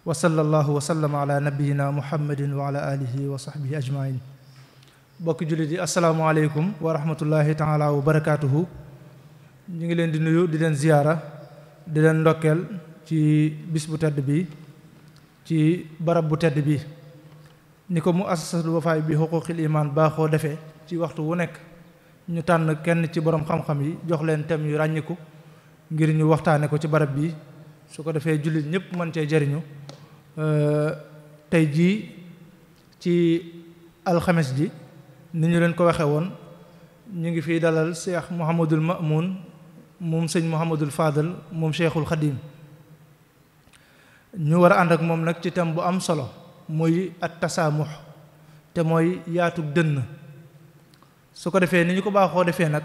wa sallallahu wa sallam ala nabiyina muhammadin wa ala alihi wa sahbihi ajmain bokki jullit yi asalaamaaleykum wa rahmatullahi taala wa barakaatuhu ñu ngi leen di nuyu di leen ziyaara di leen ndokkeel ci bis bu tedd bi ci barab bu tedd bi ni ko mu assasatul wafaay bi xuquqil iman baaxoo defee ci waxtu wu nekk ñu tànn kenn ci boroom xam-xam yi jox leen thème yu ràññiku ngir ñu waxtaane ko ci barab bi su ko defee jullit ñëpp mën cee jariñu Euh, tey jii ci alxames ji ni ñu leen ko waxe woon ñu ngi fiy dalal Cheikh Mouhamadul Mamoun moom sëñ Mouhamadul Fadal moom Cheikhul Xadim ñu war a ànd ak moom nag ci thème bu am solo muy at tasaamux te mooy yaatug dënn su ko defee ni ñu ko baaxoo defee nag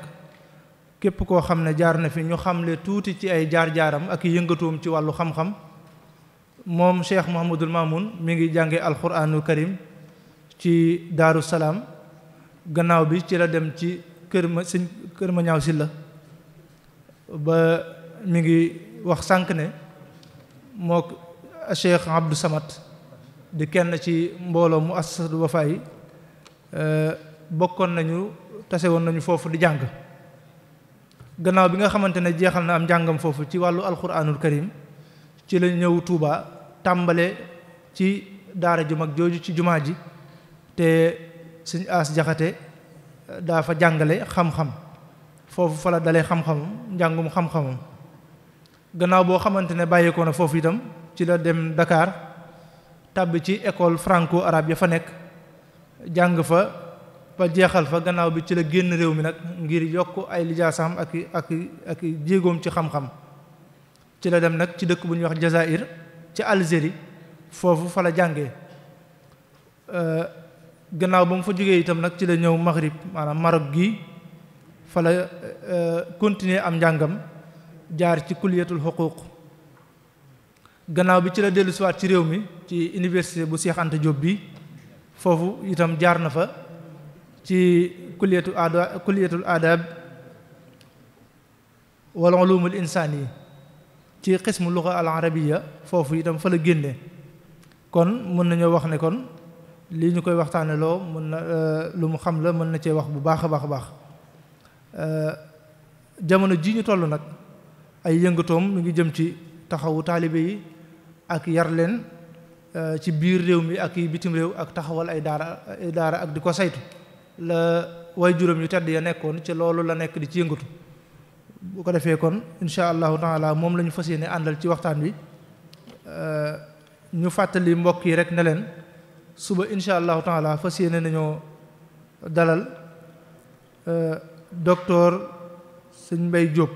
képp koo xam ne jaar na fi ñu lee tuuti ci ay jaar-jaaram ak yëngatoom ci wàllu xam-xam moom cheikh Mouhamadul Mamoun mi ngi jànge alquraanul karim ci daaru salaam gannaaw bi ci la dem ci kër ma sëñ kër ma ñaaw si la ba mi ngi wax sànq ne mook cheikh Abdou Samad di kenn ci mbooloo mu assasatul Wafa yi euh, bokkoon nañu tase woon nañu foofu di jàng gannaaw bi nga xamante ne jeexal na am njàngam foofu ci wàllu alquraanul karim ci la ñëw tuubaa tàmbale ci daara ju jooju ci jumaa ji te sëñ As Jaxate eh, daa fa jàngale xam-xam foofu fa la dalee xam-xamam njàngum xam-xamam gannaaw boo xamante ne bàyyeekoo na foofu itam ci la dem Dakar tàbbi ci école franco arabe ya fa nekk jàng fa ba jeexal fa gannaaw bi ci la génn réew mi nag ngir yokk ay lijaasaam ak ak ak jéegoom ci xam-xam ci la dem nag ci dëkk bu ñuy wax Jazaïr ci Algérie foofu fa la jàngee euh, gannaaw ba mu fa jógee itam nag ci la ñëw Maghrib maanaam Maroc gi fa la euh, continuer am njàngam jaar ci kulliyatul xuquuq gannaaw bi ci la dellu ci réew mi ci université bu Cheikh Anta Diop bi foofu itam jaar na fa ci kulliyatu aada kulliyatul aadab wal ulumul insaan yi ci xismu luga al arabiya foofu itam fa la génne kon mën nañoo wax ne kon lii ñu koy waxtaane loo mën na euh, lu mu xam la mën na cee wax bu baax a baax a baax euh, jamono jii ñu toll nag ay yëngatoom mu ngi jëm ci taxawu taalibe yi ak yar leen euh, ci biir réew mi ak yi bitim réew ak taxawal ay daara ay ak di ko saytu la way juróom yu tedd ya nekkoon ci loolu la nekk di ci yëngatu bu ko defee kon incha allahu taala moom la ñu fas yéene àndal ci waxtaan wi ñu fàttali mbokk yi rek ne leen suba incha allahu taala fas yéene nañoo dalal docteur Sëñ Mbay Jóob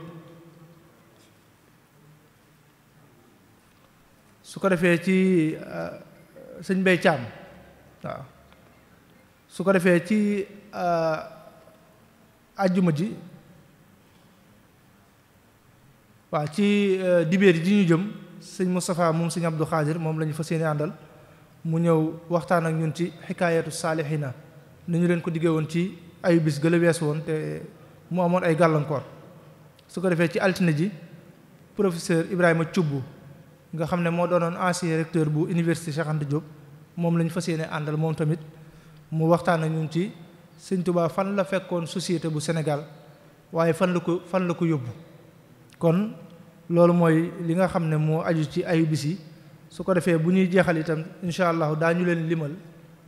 su ko defee ci Sëñ Mbay Caam waaw su ko defee ci àjjuma ji waaw ci euh, dibeer ji ñu jëm sëñ Moustapha moom sëñ Abdou Khadir moom la ñu fas yéene àndal mu ñëw waxtaan ak ñun ci xikaayatu saalihina ni ñu leen ko diggee woon ci ayu bis gëla wees woon te mu amoon ay gàllankoor su ko defee ci altine ji professeur Ibrahima Thioub nga xam ne moo doonoon ancien recteur bu université Cheikh Anta moom la ñu fas yéene àndal moom tamit mu waxtaan ak ñun ci sëñ Touba fan la fekkoon société bu senegal waaye fan la ko fan la ko yóbbu kon loolu mooy li nga xam ne moo aju ci ayu bis yi su ko defee bu ñuy jeexal itam incha allahu daañu leen limal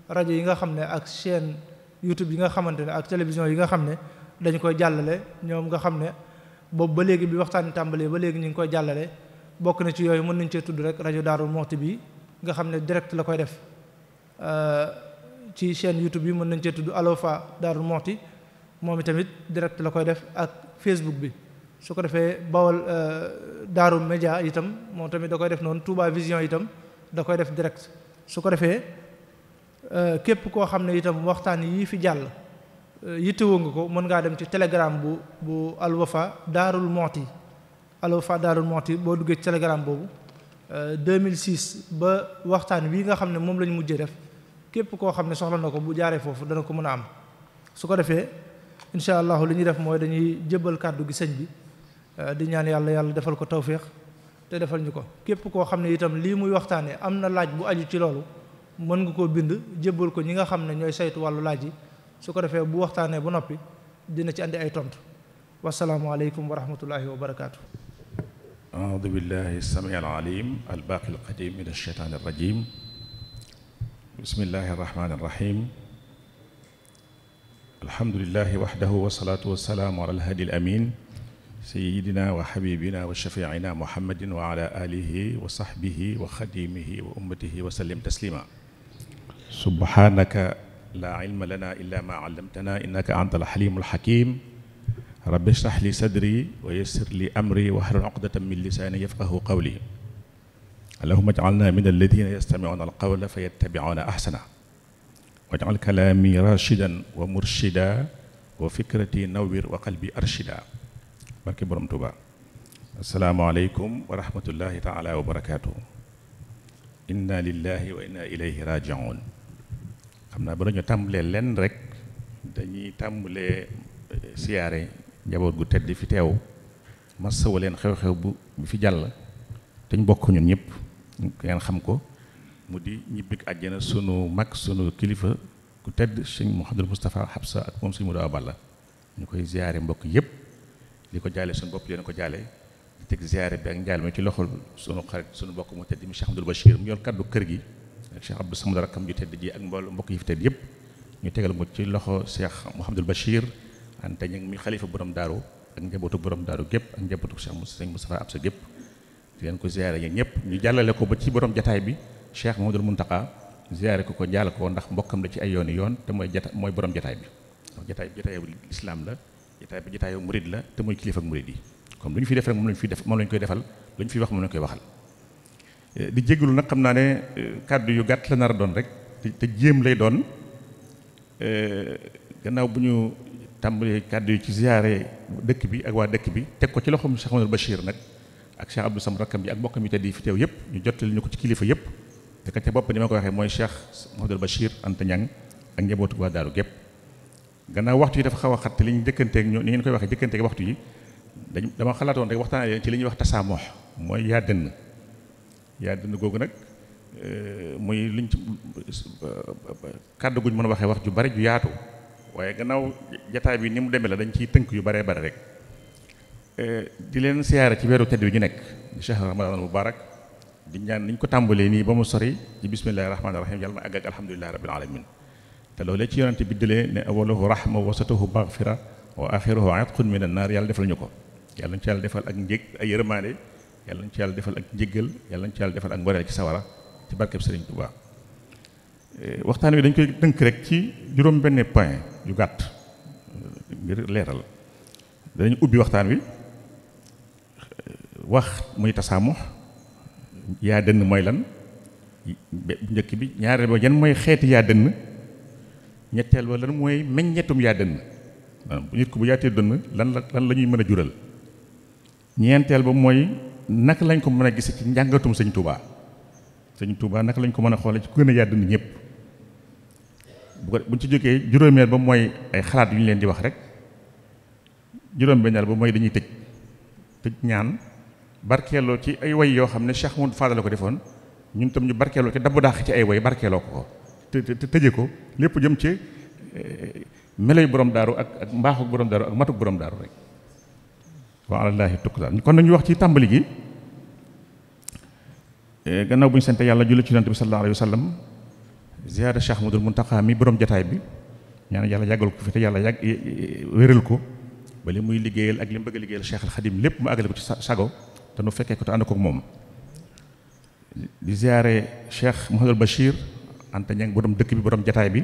rajo yi nga xam ne ak chaîne YouTube yi nga xamante ne ak télévision yi nga xam ne dañu koy jàllale ñoom nga xam ne boobu ba léegi bi waxtaan tàmbalee ba léegi ñu ngi koy jàllale bokk na ci yooyu mën nañ cee tudd rek rajo Daaru Muxti bi nga xam ne direct la koy def ci chaîne YouTube yi mën nañ cee tudd Alwafa Daaru Muxti moom itamit direct la koy def ak Facebook bi su ko defee bawal euh, daaru média itam moom tamit da koy def noonu Touba Vision itam da koy def direct su ko defee euh, képp koo xam ne itam waxtaan yii fi jàll euh, yittewoo nga ko mën ngaa dem ci telegram bu bu alwafa daarul mooti alwafa daarul mooti boo duggee ci telegram boobu 2006 ba waxtaan wi nga xam ne moom lañ mujjee def képp koo xam ne soxla na ko bu jaaree foofu dana ko mën a am su ko defee incha allahu li ñuy def mooy dañuy jébbal kàddu gi sëñ bi Euh, di ñaan yàlla yàlla defal ko tawféex te defal ñu ko képp koo xam ne itam lii muy waxtaanee am na laaj bu aju ci loolu mën nga koo bind jébbal ko ñi nga xam ne ñooy saytu wàllu laaj yi su ko defee bu waxtaanee bu noppi dina ci andi ay tontu wasalaamualeykum wa rahmatullahi wa barakaatu. aoudu billahi samii alalim albaaqi alqadim min alcheytaan alrajim bismillahi arrahmani arrahim alhamdulilahi waxdahu wasalatu wasalaamu alamin sayidina wa xabibina wa shafiina muhammadin wa ala alihi wa saxbihi wa xadimihi wa ummatihi wa sallim taslima subhanaka laa ilma lana illa ma allamtana innaka anta alxalimu alxakim rabbi shrah li sadri wa yassir li amri wahlul uqdatan min lisani yafqahu qawli allahumma ij'alna min alladina yastami'una alqawla fayattabi'una ahsana waj'al kalami rashidan wa murshida wa fikrati nawwir wa qalbi arshida barke borom Touba. asalaamaaleykum wa rahmatullahi taala wa barakaatu. inna lillahi wa inna ilayhi rajiun xam naa ba la ñu tàmbalee lenn rek dañuy tàmbalee eh, siyaare njaboot gu tedd fi teew masawu leen xew-xew bu fi jàll te ñu bokk ñun ñëpp ngeen xam ko mu di ñibbik àjjana sunu mag sunu kilifa ku tedd sëñ Mouhamadou Moustapha Habsa ak moom sëñ Modou Aballa ñu koy siyaare mbokk yëpp. li ko jaale suñu bopp leen ko jaale di teg ziare bi ak njaal mi ci loxol sunu xarit sunu bokk mu tedd mi Cheikh Abdoul Bachir mu yor kaddu kër gi ak Cheikh Abdou Samad rakkam ju ak mbool mbokk yi fi tedd yëpp ñu tegal ko ci loxo Cheikh Mouhamadul Bachir ante ñu mi xalifa borom daaru ak njabootu borom daaru gépp ak njabootu Cheikh Moussa Moustapha Absa gépp di leen ko ziare yéen ñëpp ñu jàllale ko ba ci borom jataay bi Cheikh Mouhamadul Mountakha ziare ko ko jaal ko ndax mbokkam la ci ay yooni yoon te mooy jata mooy borom jataay bi ndax jataay bi jataay la jotaay bi jotaayu murid la te mooy kilifa ak murid yi comme lu ñu fi def rek moom lañu fi def moom lañu koy defal lu ñu fi wax moom lañu koy waxal eh, di jégalu nag xam naa ne eh, kàddu yu gàtt la nar a doon rek te jéem lay doon eh, gannaaw bu ñu tàmbalee kàddu yi ci ziare dëkk bi ak waa dëkk bi teg ko ci loxoom Cheikh Amadou Bachir nag ak Cheikh Abdou Sam rakkam yi ak mbokkam yi te di fi teew yëpp ñu jottali ñu ko ci kilifa yëpp te ka ca bopp ni ma koy waxee mooy Cheikh Mouhamadoul Bachir Anta Niang ak njabootu waa daaru gépp gannaaw waxtu yi dafa xaw a xat te li ñu jëkkanteeg ñoo ni ngeen koy waxee jëkkanteeg waxtu yi dañ dama xalaatoon rek waxtaanee leen ci li ñuy wax tasaamoox mooy yaa dënn yaa dënn googu nag euh, muy liñ ci kàddu guñ mën a waxee wax ju bari ju yaatu waaye gannaaw jataay bi ni mu demee la dañ ciy tënk yu baree bari rek euh, di leen siyaara ci weeru tedd bi ñu nekk di shahr ramadan mubarak di ñaan niñ ko tàmbalee nii ba mu sori ci bismillahi rahmaani rahim yàlla na àgg ak alhamdulilahi rabbil alamin te loolee ci yonante bi dilee ne awaluhu rahma wasatuhu maghfira wa axiruhu atqun min an naar yàlla defal ñu ko yàlla ñu ci yàlla defal ak njég ay yërmaande yàlla ñu ci yàlla defal ak njéggal yàlla ñu ci yàlla defal ak ngoreel ci sawara ci barkeb Sëriñ Tuubaa eh, waxtaan wi dañ koy dënk rek ci juróom benn point yu gàtt eh, ngir leeral danañ ubbi waxtaan wi eh, wax muy tasaamu yaa dënn mooy lan njëkk bi ñaareel ba yan mooy xeeti yaa dënn ñetteel ba lan mooy meññetum yaa dënn maanaam nit ko bu yaatee dënn lan la lan la ñuy mën a jural ñeenteel ba mooy naka lañ ko mën a gise ci njàngatum sëñ Touba sëñ Touba naka lañ ko mën a xoolee ci ku gën a yaa dënn ñëpp bu ko buñ ci jógee juróomeel ba mooy ay xalaat yu ñu leen di wax rek juróom benneel ba mooy dañuy tëj tëj ñaan barkeeloo ci ay way yoo xam ne Cheikh Mouhamadou Fadal la ko defoon ñun tam ñu barkeeloo ci dabu daax ci ay woy barkeeloo ko ko te tëje ko lépp jëm ci eh, melay borom daaru ak ak mbaaxuk borom daaru ak matuk borom daaru rek wa alallaahi tukkitaan kon nañu wax ci tàmbali gi eh, gannaaw bu ñu sant yàlla julli ci nant bi sallallahu alayhi wa sallam ziyaara Cheikh mu Muntaxa mi borom jataay bi ñaan yàlla yàggal ko fi te yàlla yàgg eh, wéral ko ba li muy liggéeyal ak li mu bëgg a liggéeyal Cheikh al lépp mu àggale ko ci sago te nu fekkee ko te ànd kook moom di ziyaare Cheikh Mouhamadul Bachir Anta Ñang borom dëkk bi borom jataay bi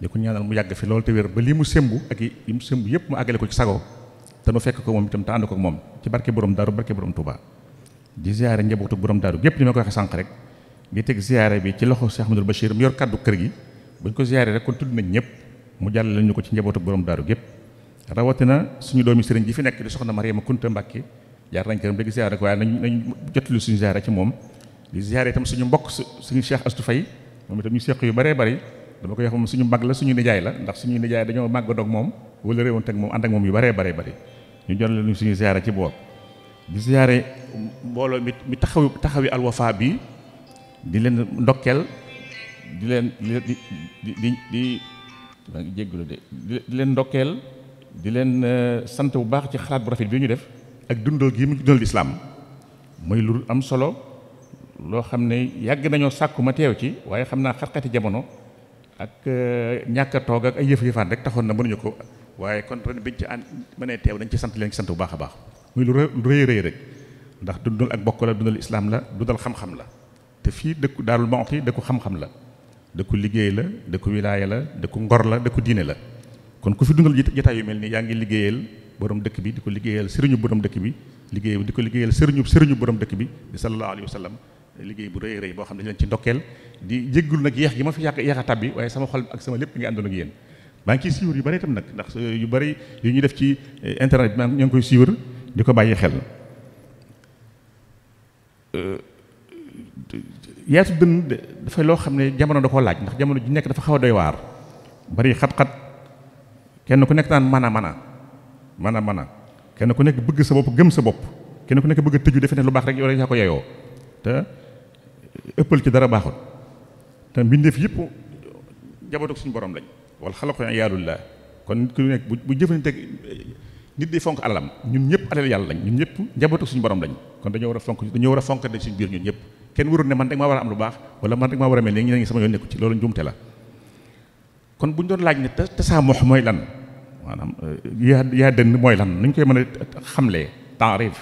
di ko ñaanal mu yàgg fi loolu te wér ba lii mu sëmbu ak yi mu sëmbu yëpp mu àggale ko ci sago te nu fekk ko moom itam te ànd ko moom ci barke borom daaru barke borom Touba di ziare njabootu borom daaru yëpp ni ma ko waxee sànq rek di teg ziare bi ci loxo Cheikh Ahmadou Bachir mu yor kàddu kër gi ko ziare rek kon tudd nañ ñëpp mu jàllale ñu ko ci njabootu borom daaru yëpp rawatina suñu doomi sëriñ ji fi nekk di soxna Mariama Kunta Mbàkke jaar nañ këram léegi ziare rek waaye nañ nañ jottali suñu ziare ci moom di ziare suñu mbokk suñu Cheikh astu fay moom tam ñu seq yu baree bari dama koy wax moom suñu mag la suñu nijaay la ndax suñu nijaay dañoo màgg doog moom wala réewoon teg moom ànd ak moom yu bare bare bari ñu jot leen suñu ziyaara ci boor di ziyaare mbooloo mi mi taxaw taxawi alwafa bi di leen ndokkeel di leen di di di di leen ndokkeel di leen euh, sant bu baax ci xalaat bu rafet bi ñu def ak dundoo gi mu dundal lislaam mooy lu am solo loo xam ne yàgg nañoo sàkku ma teew ci waaye xam naa xarxati jamono ak euh, ñàkk a toog ak ay yëf-yëfaan rek taxoon na mënuñu ko waaye kon ren biñ ci ànd mënee teew dañ ci sant leen ci sant bu baax a baax muy lu rëy rëy rek ndax dundal ak bokk la dundal islaam la dundal xam-xam la te fii dëkku Daarul Muxti dëkku xam-xam la dëkku liggéey la dëkku wilaaya la dëkku ngor la dëkku diine la kon ku fi dundal jotaay yu mel nii yaa ngi liggéeyal borom dëkk bi di ko liggéeyal sëriñu borom dëkk bi liggéey di ko liggéeyal sëriñu sëriñu borom dëkk bi di sallallahu alayhi wa liggéey bu rëy rëy boo xam ne dañ ci ndokkeel di jéggul nag yeex gi ma fi yàq yeex a tabbi waaye sama xol ak sama lépp nga àndoon ak yéen maa ngi yu bëri itam nag ndax euh, yu bëri yu ñuy def ci euh, internet bi maa ngi koy suivre di ko bàyyi xel euh, yaatu loo xam ne jamono da ko laaj ndax jamono ji nekk dafa xaw a doy waar bari xat-xat kenn ku nekk naan man a man a man a man a kenn ku nekk bëgg sa bopp gëm sa bopp kenn ku nekk bëgg a tëju defe ne lu baax rek yow rek ko yeyoo ëppal ci dara baaxul te mbindeef yëpp jaboot ak suñu borom lañ wal xalaqu iyaalullaa kon nit ku nekk bu jëfante nit di fonk alalam ñun ñëpp alal yàlla lañ ñun ñëpp njaboot suñu borom lañ kon dañoo war a fonk dañoo war a fonk suñu biir ñun ñëpp kenn warul ne man rek maa war a am lu baax wala man rek maa war a mel nii ñeneen ñi sama yoon nekku ci loolu njuumte la kon bu ñu doon laaj ne tasaamox mooy lan maanaam euh, yaa yaa dënn mooy lan nuñ koy mën a xamlee taarif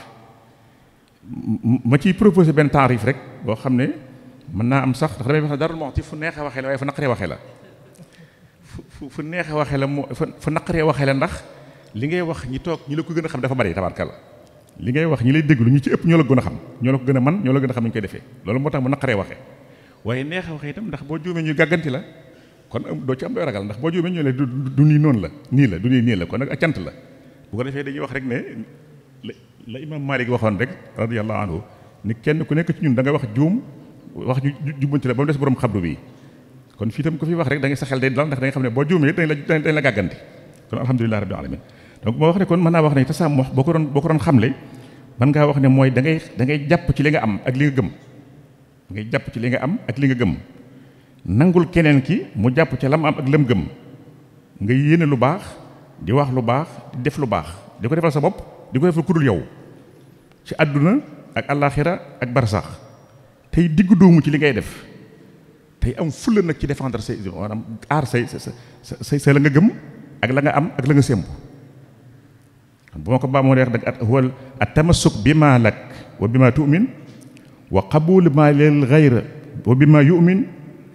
ma ciy proposé benn taarif rek boo xam ne mën naa am sax dafa demee wax ne Darou Mouhty fu neexee waxee la waaye fu naqaree waxee la fu fu neexee waxee la moo fu naqaree waxee la ndax li ngay wax ñi toog ñi la ko gën a xam dafa bari la li ngay wax ñi lay déglu ñu ci ëpp ñoo la gën a xam ñoo la ko gën a man ñoo la a xam ñu koy defee loolu moo tax mu naqaree waxee waaye neexee waxee itam ndax boo juumee ñu gàgganti la kon doo ci am ragal ndax boo juumee ñu le du nii noonu la nii la du nii nii la kon nag ak la bu defee dañuy wax rek ne la imaam Malik waxoon rek radiyallahu anhu ni kenn ku nekk ci ñun da nga wax juum wax ñu jubbanti la ba mu des borom xabru bi kon fii tam ko fi wax rek da ngay sa xel day dal ndax da xam ne boo juumee dañ la dañ la gàgganti kon alhamdulilah rabbil alamin donc wax ne kon mën naa wax ne tasaamox boo ko doon boo ko doon xamle wax ne mooy da ngay da jàpp ci li nga am ak li nga gëm ngay jàpp ci li nga am ak li nga gëm nangul keneen ki mu jàpp ci lam am ak lam gëm nga yéene lu baax di wax lu baax di def lu baax di ko defal sa bopp di ko defal ku yow ci àdduna ak àllaaxira ak barsax tey diggu doomu ci li ngay def tey am fulla nag ci défendre say maanaam aar say sa la nga gëm ak la nga am ak la nga sémb bu ma ko baa moo deex dag at wal at tamassuk bi ma lak wa bi ma tumin wa qabul ma lil ghayra wa bi ma yumin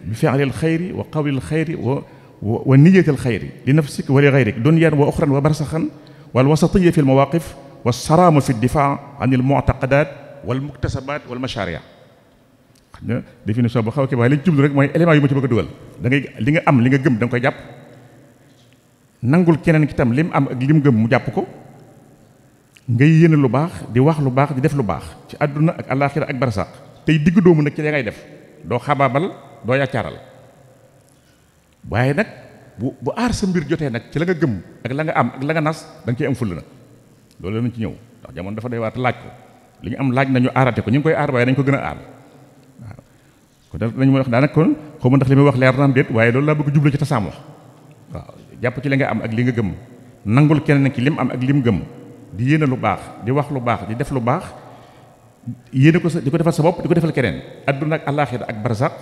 bi fi'lil xayri wa qawlil xayri wa wa niyatil xayri li nafsik wa li ghayrik dunyan wa uxran wa barsaxan wal wasatiya fi l mawaqif wa saraama fi ddifaa an il mu'taqadaat xam nga définition bu xaw a kii waaye li jublu rek mooy élément yu ma ci bëgg a dugal da ngay li nga am li nga gëm da koy jàpp nangul keneen ki tam lim am ak li gëm mu jàpp ko ngay yéene lu baax di wax lu baax di def lu baax ci àdduna ak àllaaxira ak barsàq tey digg doomu nag ci la ngay def doo xabaabal doo yàccaaral waaye nag bu bu aar sa mbir jotee nag ci la nga gëm ak la nga am ak la nga nas da nga cee am fulla na loolu lañ ci ñëw ndax jamono dafa day waat laaj ko li ñu am laaj nañu aarate ko ñu ngi koy aar waaye nañ ko gën a aar kon dañu mën a wax daanaka kon xaw ma ndax li muy wax leer na am déet waaye loolu laa bëgg jublu ci tasaam wax waaw jàpp ci li nga am ak li nga gëm nangul keneen ki lim am ak lim gëm di yéena lu baax di wax lu baax di def lu baax yéene ko sa di ko defal sa bopp di ko defal keneen adduna ak àllaaxira ak barzaq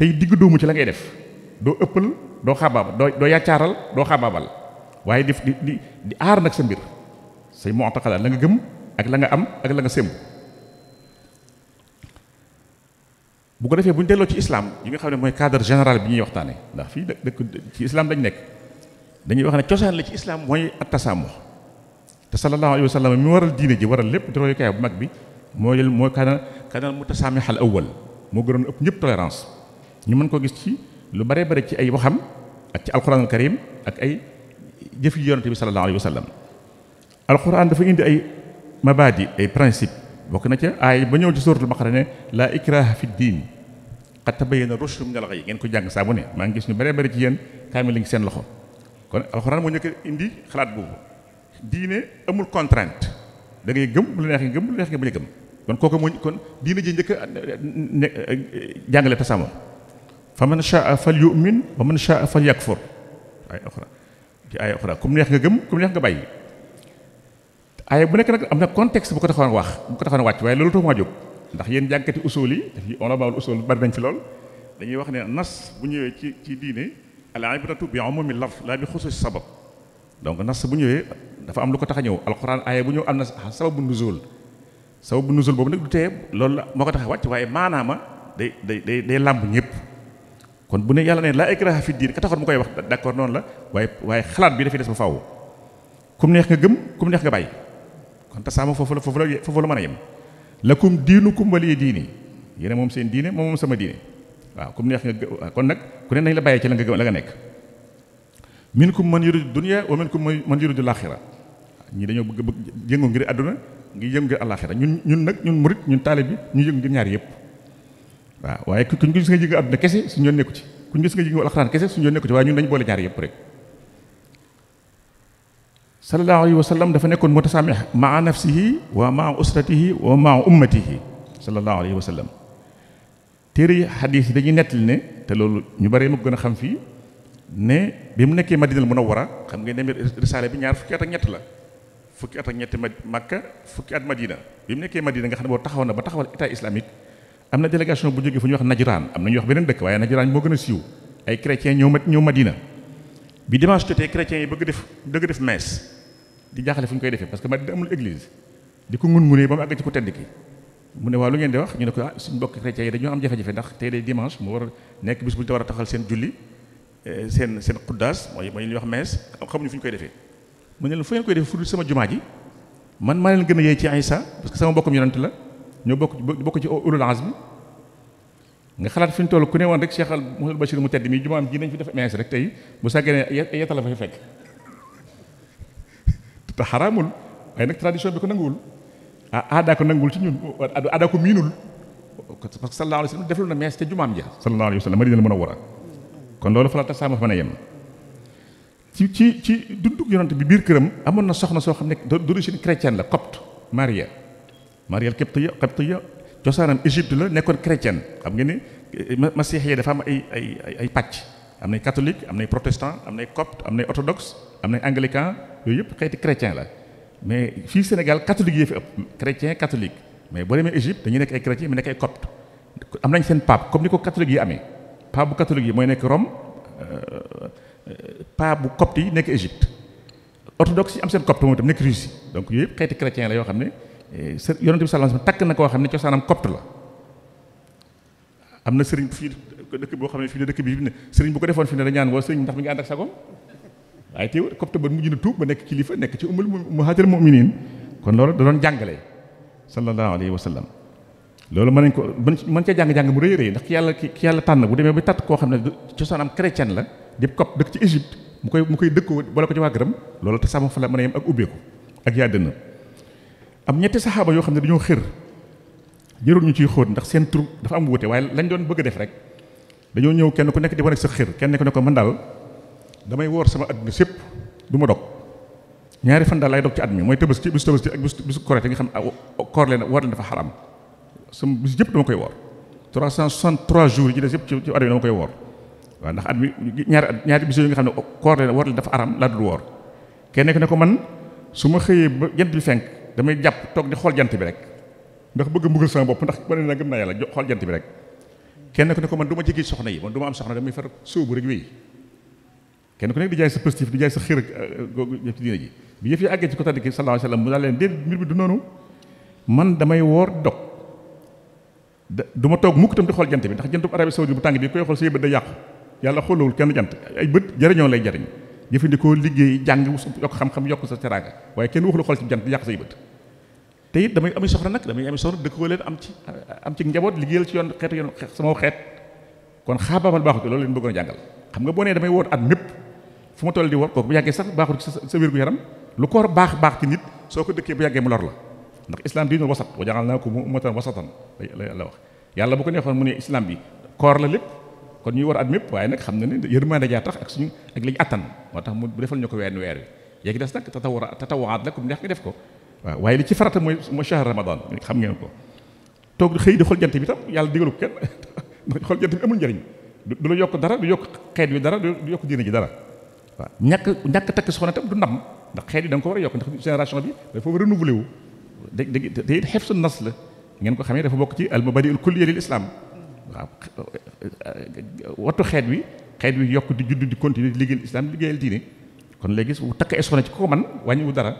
tey digg doomu ci la ngay def doo ëppal doo xabaabal doo doo yàccaaral doo xabaabal waaye di di di aar ak sa mbir say mu'taqada la nga gëm ak la nga am ak la nga sëmb bu ko defee bu ñu delloo ci islam yi nga xam ne mooy cadre général bi ñuy waxtaane ndax fii dëkk ci islam dañ nekk dañuy wax ne cosaan la ci islam mooy attasaamo te sallallahu alayhi wa sallam mi waral diine ji waral lépp di royukaay bu mag bi mooy mooy kana kanal mutasaamih al awwal moo gënoon ëpp ñëpp tolérance ñu mën ko gis ci lu bare bare ci ay waxam ak ci alquran al karim ak ay jëf yi yonante bi sallallahu alayhi wa sallam dafa indi ay mabadi ay principe bokk na ca aay ba ñëw ci suratul baqara ne la ikraha fi diin xat tabayyana rushdu minal ghayy ngeen ko jàng saa bu ne maa ngi gis ñu bare bari ci yéen kaamil lañ seen loxo kon alxuraan moo njëkk indi xalaat boobu diine amul contrainte da ngay gëm lu neex gëm lu neex nga bañ a gëm kon kooku moo kon diine ji njëkk jàngale fa man shaa fal yu'min wa man shaa fal yakfur ay alxuraan ci ay alxuraan kum neex nga gëm kum neex nga bàyyi ay bu nekk nag am na contexte bu ko taxawoon wax bu ko taxawoon wàcc waaye loolu tax maa jóg ndax yéen jànkati usul yi on a baal usul bari nañ fi lool dañuy wax ne nas bu ñëwee ci ci diine al ibratu bi umumi laf laa bi xusuus sabab donc nas bu ñëwee dafa am lu ko tax a ñëw alquran aaya bu ñëw am na sababu nuzul sababu nuzul boobu nag du loolu la moo ko tax a wàcc waaye maanaama day day day làmp làmb ñëpp kon bu ne yàlla ne laa ikraha fi diin ka taxoon mu koy wax d'accord noonu la waaye waaye xalaat bi dafay des ba faaw kum neex nga gëm kum neex nga bàyyi kon tasaamu foofu la foofu la foofu la mën a yem lakum diinukum waliya diini yéen moom seen diine moom moom sama diine waaw comme neex nga kon nag ku ne nañ la bàyyee ci la nga la nga nekk minkum man yuridu dunya wa minkum man yuridu laaxira ñi dañoo bëgg bëgg yëngu ngir àdduna ngi yëngu ngir àllaaxira ñun ñun nag ñun murit ñun taalib bi ñu yëngu ngir ñaar yëpp waaw waaye kuñ gis nga yëngu àdduna kese suñu yoon nekku ci kuñ gis nga yëngu alxuraan kese suñu yoon nekku ci waaye yëpp rek sallallahu alayhi wa sallam dafa nekkoon mutasaamih maa nafsihi wa maa usratihi wa maa ummatihi sallallahu alayhi wa sallam téere xadiis yi dañuy nettali ne te loolu ñu bari ma gën a xam fii ne bi mu nekkee a madinal munawwara xam ngeen demee risaale bi ñaar fukki at ak ñett la fukki at ak ñetti makka fukki at madina bi mu nekkee madina nga xam ne boobu taxaw na ba taxawal état islamique am na délégation bu jógee fu ñuy wax najiraan am na ñuy wax beneen dëkk waaye najiraan moo gën a siiw ay ñëw ma ñëw madina bi dimanche jotee chrétiens yi bëgg def bëgg def messe di jaaxle fu ñu koy defee parce que Madina amul église di ko ngun-ngunee ba mu àgg ci ku tedd ki mu ne waaw lu ngeen di wax ñu ne ko ah suñu mbokk chrétiens yi dañoo am jafe-jafe ndax tey day dimanche mu war a nekk bis bu ñu seen julli eh, seen seen xuddaas mooy mooy li ñuy fu ñu koy defee mu ne leen fu ngeen koy defee fu dul sama jumaa ji man maa leen gën a yee ci Aïssa parce que sama mbokkum yonent la ñoo bokk bokk ci ulul azmi nga xalaat fi ñu toll ku ne woon rek Cheikh al Mouhamadou Bachir mu tedd def mees rek tey bu sàggee ne te xaraamul waaye nag tradition bi ko nanguwul ah aadaa nanguwul ci ñun aadaa ko miinul parce que sallallahu alayhi wa sallam deful na mees ca jumaam ja sallallahu alayhi wa sallam Madina a a a yem ci ci ci dunduk bi biir këram amoon na soxna soo xam ne d'origine la copte Maria Maria Qibtiya Qibtiya cosaanam Égypte la nekkoon chrétienne xam ngeen ne eh, masiix yi dafa am ay ay ay pàcc am nay catholique am nay protestant am nay copte am nay orthodoxe am nañ anglican yooyu yëpp xeeti chrétien la mais fii Sénégal catholique yi fi ëpp chrétien catholique mais boo demee Égypte dañuy nekk ay chrétien mu nekk ay copte am nañ seen pape comme ni ko catholique yi amee pape bu catholique mooy nekk Rome euh, pape bu copte yi nekk Égypte orthodoxe yi am seen copte moom itam donc yooyu yëpp xeeti chrétien la yoo xam ne eh, yonent bi sallallahu alayhi wasallam na koo xam ne cosaanam copte la am na sëriñ fii dëkk boo xam ne fii ne dëkk bi ne sëriñ bu ko defoon fii ne dañaan woo sëriñ ndax mi ngi ànd ak sagom waaye teewul Copte ba mujj na tuub ba nekk kilifa nekk ci umul muhaatil muminin kon loolu da doon jàngale sallallahu alayhi wa sallam loolu mën nañ ko mën ca jàng-jàng mu rëy rëy ndax ki yàlla ki yàlla tànn bu demee ba tàtt koo xam ne cosaanam chrétien la di Copte dëkk ci Égypte mu koy mu koy dëkkoo boole ko ci waa gërëm loolu te sama fa la mën a yem ak ubbeeku ak yaa dënn am ñetti saxaaba yoo xam ne dañoo xër jërul ñu ciy xóot ndax seen tur dafa am wuute waaye lañ doon bëgg def rek dañoo ñëw kenn ku nekk di wane sa xër kenn ku ne ko mën daal damay woor sama adduna sépp du ma dog ñaari fan daal lay dog ci at mi mooy tabaski bisu tabaski ak bisu bisu korite nga xam ah, koor leen woor leen dafa xaram sama bis yëpp dama koy woor 363 jours yi ci des yëpp ci at mi dama koy woor at mi ñaari at ñaari bis yi nga xam ne koor leen woor leen dafa xaram laa dul woor kenn ku ne ko man su ma xëyee ba jant bi fenk damay jàpp toog di xool jant bi rek ndax bëgg mbugal sama bopp ndax ma ne na gëm naa yàlla xool jant bi rek kenn ku ne ko man du ma jege soxna yi man du ma am soxna damay far sóobu rek wéy kenn ko nekk di jaay sa positif di jaay sa xër jëf eh, ci diine ji bi yëf yi àggee ci ko tàddi ki sallallahu leen déet mbir bi du noonu man damay woor dog du ma toog tam di xool jant bi ndax jant bu Arabie Saoudite bu tàng bi koy xool sa yëbët kenn jant bët jariñoo lay jariñ jëfandikoo liggéey jàng yokk xam-xam yokk sa teraanga waaye kenn waxul xool ci jant yàq say bët te it damay ami soxna nag damay ami soxna dëkkoo leen am ci am ci njaboot liggéeyal ci yoon xeetu yoon sama xeet kon xaabaabal baaxut loolu leen bëggoon a jàngal xam nga boo nee damay woor at mépp fu ma toll di woor kooku bu yàggee sax baaxul ci sa wér-gu-yaram lu koor baax baax ci nit soo ko dëkkee bu yàggee mu lor la ndax islam diinul wasat wa ja'alnaakum ummatan wasatan la wax yàlla ko neexoon mu ne islam bi koor la lépp kon ñuy war at mépp waaye nag xam na ne yërmande jaa tax ak ak li ñu moo tax mu defal ñu ko weer weer wi yéegi des nag tatawur tatawaat la comme neex nga def ko waaw waaye li ci farata mooy mooy shahr ramadan xam ngeen ko toog xëy di xool jant bi tam yàlla digalu kenn xool jant bi amul njëriñ du la yokk dara du yokk xeet wi dara du yokk diine ji dara waaw ñàkk ñàkk takk soxna tam du ndam ndax xeet yi da ko war a yokk ndax génération bi dafa war a renouveler wu dégg te it xef su nas la ngeen ko xamee dafa bokk ci al mabadi al kulliya lil islam waaw wattu xeet wi xeet wi yokk di judd di continuer di liggéeyal islam liggéeyal diine kon léegi su takk ay soxna ci ko man wàññiwu dara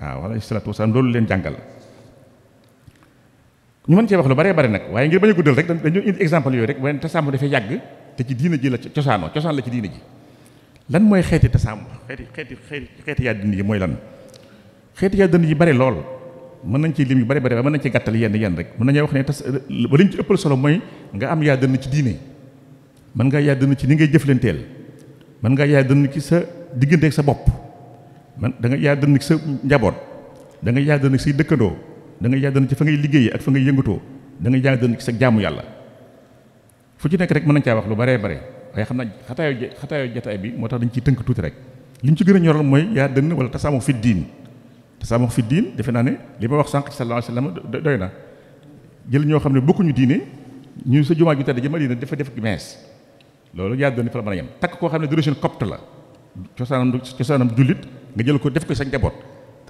waaw alayhi salaatu wasalaam loolu leen jàngal ñu mën cee wax lu baree bari nag waaye ngir bañ a guddal rek dañu indi exemple yooyu rek waaye tasaamo dafay yàgg te ci cosaan la ci diina ji lan mooy xeeti tasaamu xeeti xeeti xeeti yàddin yi mooy lan xeeti yàddin yi bari lool mën nañ ci lim yu bare bari mën nañ ci gàttal yenn yenn rek mën nañoo wax ne tas ba liñ ci ëppal solo mooy nga am yàddin ci diine mën nga yàddin ci ni ngay jëflanteel mën nga yàddin ci sa digganteeg sa bopp mën danga nga yàddin ci sa njaboot da nga yàddin ci say dëkkandoo da nga yàddin ci fa ngay liggéeyee ak fa ngay yëngatoo da nga yàddin ci sa jaamu yàlla fu ci nekk rek mën nañ caa wax lu baree bare waaye xam naa xataayo xataayo jataay bi moo tax dañ ciy tënk tuuti rek li ñu ci gën a ñoral mooy yaa dënn wala tasaamu fi diin tasaamu fi diin defe naa ne li ma wax sànq sallallahu alayhi wa doy na jël ñoo xam ne bokkuñu diine ñu sa jumaa ju tedd ji Madina dafa def mees loolu yaa dënn fa la a yem takk koo xam ne d'origine copte la cosaanam cosaanam jullit nga jël ko def ko sa njaboot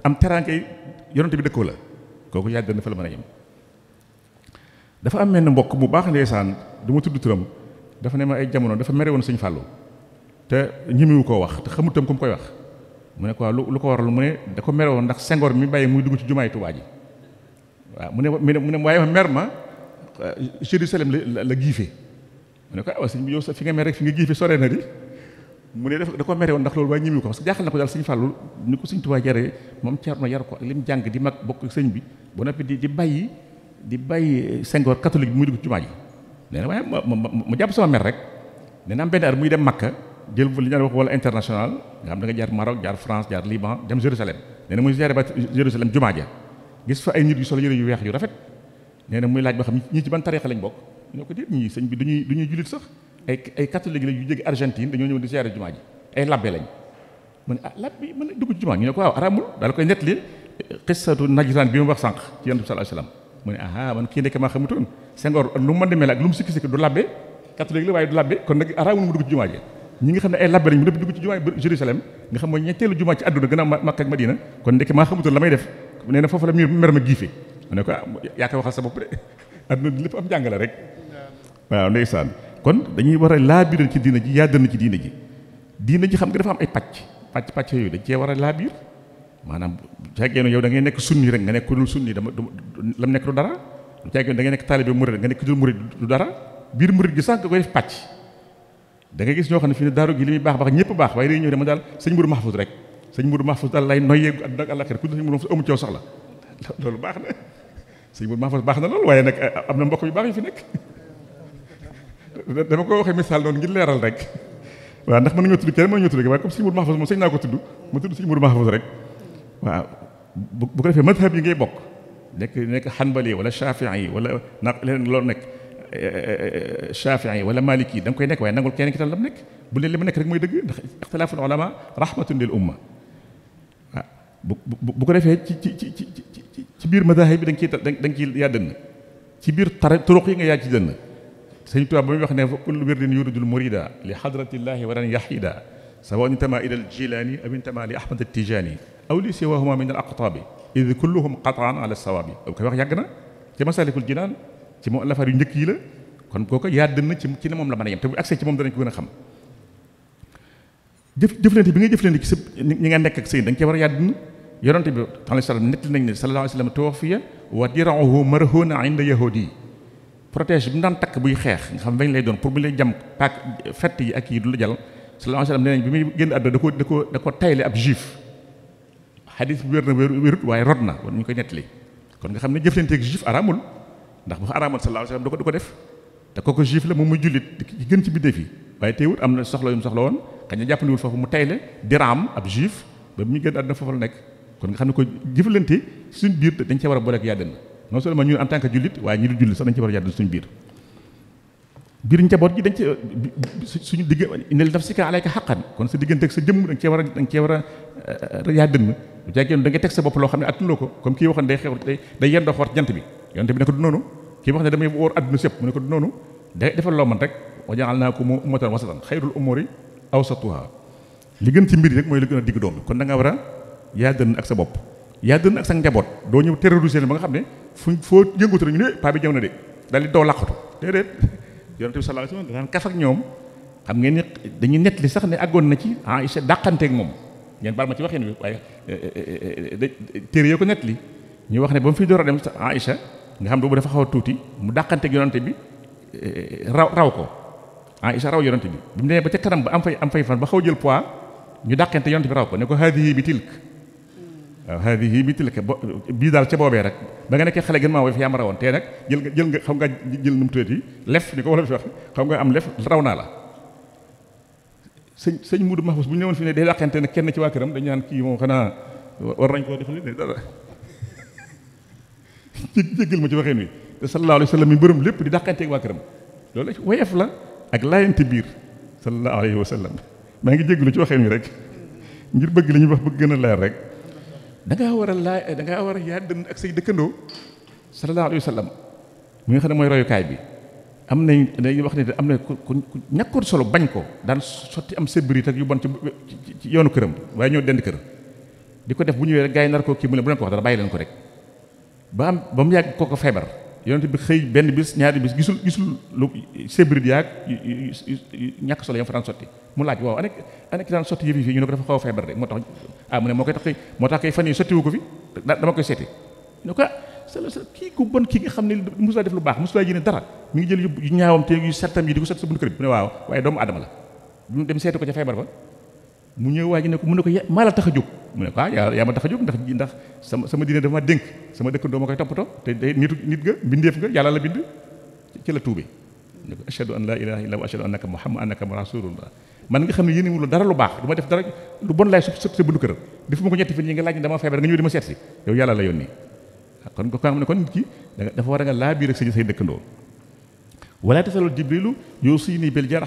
am teraanke yonante bi dëkkoo la kooku yaa dënn fa la mën a yem dafa am mel benn mbokk bu baax ndeysaan du ma tudd turam dafa ne ma ay jamono dafa mere woon sëñ Fallou te ñimiwu koo wax te xamutam ku mu koy wax mu ne quoi lu ko waral mu ne da ko mere woon ndax Senghor mi bàyyi muy dugg ci jumaay Tuubaa ji waaw mu ne mu ne waaye mer ma euh, Jérusalem la la giife mu ne ko ah sëñ bi yow fi nga mere rek fi nga giife sore na di mu ne dafa da ko mere woon ndax loolu waaye ñimiwu ko parce que jaaxal na ko daal sëñ Fallou ni ko sëñ Tuubaa jaree moom Ceerno yar ko ak li mu jàng di mag bokk sëñ bi ba noppi di di bàyyi di bàyyi Senghor catholique bi muy dugg ci jumaa ji nee na waaye mu jàpp sama mer rek nee am benn at muy dem Makka jël li ñu daan wax wala international nga xam da nga jaar Maroc jaar France jaar Liban dem Jérusalem nee muy ziyaare ba Jérusalem jumaa ja gis fa ay nit yu solo weex yu rafet nee muy laaj ba xam ñii ci ban lañ bokk ñoo ko déet ñii sëñ bi duñuy du ñuy jullit sax ay ay catholique la yu jóge Argentine dañoo ñëw di ziyaare jumaa ji ay labbe lañ mu ne ah labbe mën na dugg jumaa ñu ne ko waaw aramul daal koy nettali xissatu eh, Najraan bi mu wax sànq ci yonent bi sallallahu alayhi wasallam mu ne aha man kii ndekk maa xamutoon Senghor lu mu mën di mel ak lu mu sikki sikki du labbe catholique la waaye du labbe kon nag araawul mu dugg ci jumaa ji ñi nga xam ne ay labbe lañu mu dugg ci jumaa Jérusalem nga xam mooy ñetteelu jumaa ci àdduna gën a Makka ak Madina kon ma giife ma ne ko ah, yaa koy sa kon dañuy war a laabiral ci diina ji yaadan ci diina ji diina ji xam dafa am ay pàcc pàcc pàcc yooyu dañ cee war a laabir maanaam bu fekkee ne yow da ngay nekk sunni rek nga nekk dul sunni dama lam nekk du dara da nga nekk taalibe murid nga nekk dul murid du dara biir murid gi sax nga koy def pàcc da nga gis ñoo xam ne fi ne daaru gi li muy baax baax ñëpp baax waaye dañuy ñëw ne ma daal sëñ Mourou Mahfouz rek sëñ lay noyyee àdduna ak àllaaxira ku dul sëñ Mourou Mahfouz amu coow soxla loolu baax na baax na lool waaye nag eh, am na mbokk yu baax yu fi nekk dama ko waxee misaal noonu ngir leeral rek waaw ndax mën nañoo tudd kenn mën nañoo tudd waaye comme sëñ Mourou Mahfouz moom sëñ naa ko tudd ma tudd sëñ Mourou Mahfouz rek waaw bu ko defee madhab yi ngay bokk nekk nekk xanbali wala shafii wala na leneen loolu nekk eh, eh, eh, shafii wala maliki da nga koy nekk waaye nangul keneen ki tam lam nekk bu leen li mu nekk rek mooy dëgg ndax ixtilaaful ulama rahmatun lil umma waaw ah, bu bu ko defee ci ci ci ci ci biir madahib bi da nga ciy da nga ciy yaa dënn ci biir tare turuq yi nga yaa ci dënn sëñ Tuubaa ba muy wax ne fa kullu wirdin yuridul murida li xadratillahi waran yahida sawa intama ila al jilani aw intama li ahmad al tijani aw li siwahuma min al aqtabi id kulluhum qataan ala sawaabi boobu koy wax yàgg na ci masalikul jinaan ci mu lafaar yu njëkk yi la kon kooku yàdd na ci ci ne moom la mën a yem te bu accès ci moom danañ ko gën a xam jëf jëflante bi nga jëflante ci sa ñi nga nekk ak sëy da nga cee war a yàdd na yonente bi alayhi salaam nettali nañ ne sallallahu alayhi wasallam tuwaffiya wa dir'uhu marhuun inda yahudi protège bu mu daan takk buy xeex nga xam bañ lay doon pour bu lay jam paak fett yi ak yi du la jàll sallallahu alayhi wasallam nee nañ bi muy génn àdduna xadis bi wér na wérut waaye rod na war ñu koy nettali kon nga xam ne jëflanteeg juif araamul ndax bu ko araamoon sallallahu la moom muy jullit di gën ci biddeef yi waaye am na soxla yu mu soxla woon xañ na jàppandiwul foofu mu mu ñu gën a booleeg yàddana non jullit waaye ñi du jullit sax dañ cee war a yàddana suñ biir biir njaboot gi dañ ci suñu digg inel daf si ka xaqan kon sa diggante ak sa jëmm euh, da nga war a da war a yaa dënn bu jàggeen da ngay teg sa bopp loo xam ne attuloo ko comme kii waxoon day xew day day yendoo xoor jant bi yonte bi ne ko du noonu kii wax ne damay wóor adduna sëpp mu ne ko du noonu day defal loo man rek wa ja'alnaakum ummatan wasatan li gën ci mbir rek mooy li gën a digg doomi kon da nga war a yaa dënn ak sa bopp yaa dënn ak sa njaboot doo ñëw terroriser ba nga xam ne fu foo yëngutu rek ñu ne paa bi ñëw na de daal di doo laqatu déedéet yonent bi sallallahu alayhi wasallam daan kaf ak ñoom xam ngeen ni dañuy nettali sax ne àggoon na ci Aïcha dàqanteeg moom ngeen baal ma ci waxin bi waaye eh, eh, eh, téere yoo ko li ñu wax ne ba mu fi door a dem Aïcha nga xam bu dafa xaw a tuuti mu dàqanteeg yonent bi raw raw ko Aïcha raw yonent bi bi mu demee ba ca kanam ba am fay am fay fan ba xaw jël pois ñu dàqante yonent bi raw ko ne ko haadihi bi tilk waaw hadihi bi tilka bo bii daal ca boobee rek ba nga nekkee xale gën maa woyof yaa ma rawoon te nag jël nga jël nga xam nga jël nu mu tuddati lef ni ko wala fi wax xam nga am lef raw naa la sëñ sëñ Muudu Mahfous bu ñu newoon fi day dàqante ne kenn ci waa këram dañu naan kii moom xanaa war nañ koo def ni dara jéggal ma ci waxeen wi te sallallahu alayhi wa sallam bërëm lépp di dàqanteeg waa këram loolu woyof la ak laayante biir sallallahu alayhi wa sallam maa ngi jéggalu ci waxeen wi rek ngir bëgg li ñuy wax bëgg gën a leer rek da ngaa war a laa da ngaa war a yaa dënd ak say dëkkandoo sallallahu alayhi wa sallam mi nga xam ne mooy royukaay bi am nañ dañuy wax ne am na ku ñàkkoon solo bañ ko daan sotti am sébrit ak yu bon ci yoonu këram waaye ñoo dend kër di ko def bu ñëwee rek gars nar ko kii mu ne bu leen ko wax dara bàyyi ko rek ba ba mu yàgg kooku feebar yonent bi xëy benn bis ñaari bis gisul gisul lu sébrit yaag ñàkk solo yam fa daan sotti mu laaj waaw ana ana ki daan sotti yëf yi fii ñu ne ko dafa xaw a feebar de moo tax ah mu ne moo koy tax kay fan yi sottiwu ko fi dama koy seeti ah, def lu baax mosulaa yéene dara mi ngi jël yu te yu settam bi mu ne waaw waaye doomu adama la ñu dem ko ca ba mu ñëw waa ji ne ko mu ne ko maa la tax a jóg mu ne ko ah yaa ma tax a jóg ndax ndax sama sama diine dafa ma dénk sama dëkkandoo ma koy toppatoo te day nitu nit nga mbindeef nga yàlla la bind ci la tuube ne ko ashhadu an la ilaha illa wa ashhadu annaka muhammad annaka rasulullah man nga xam ne yéen dara lu baax du ma def dara lu bon laay sut sa bundu këram def ma ko ñetti fan yi nga laaj ne dama feebar nga ñëw di ma seet si yow yàlla la yónni ah, kon ko xam ne kon nit ki dafa war a nga laa biir sa say dëkkandoo wala tasalul jibrilu yuusini bil jar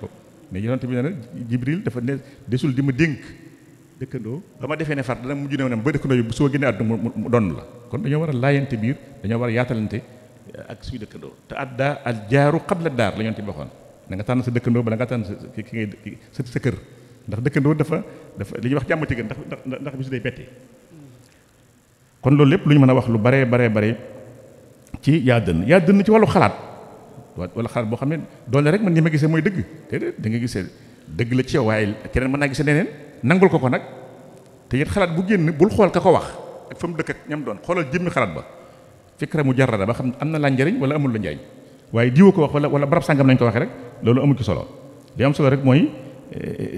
ko mais jibril dafa ne desul di ma dénk dëkkandoo ba ma defee ne far dana mujj ne ba dëkkandoo yi soo génnee àdduna mu donn la kon dañoo war a laayante biir dañoo war a yaatalante ak suy dëkkandoo te adda al jaaru qabla daar la yonent bi waxoon da nga tànn sa dëkkandoo bala nga tànn sa ki ngay sa sa kër ndax dëkkandoo dafa dafa li ñuy wax jàmm ci gën ndax ndax bisu day bette kon loolu lépp lu ñu mën a wax lu baree baree bare ci yaa dënn yaa dënn ci wàllu xalaat wala xalaat boo xam ne doole rek man ni ma gisee mooy dëgg da nga gisee dëgg la ci yow waaye keneen mën naa gisee neneen nangul ko ko nag te yéen xalaat bu génn bul xool ka ko wax ak fa mu dëkk ak ñam doon xoolal jëmmi xalaat ba fikra mu jarrada ba xam am na laa njariñ wala amul la njariñ waaye diwu ko wax wala wala barab sàngam nañ ko waxee rek loolu amu ci solo li am solo rek mooy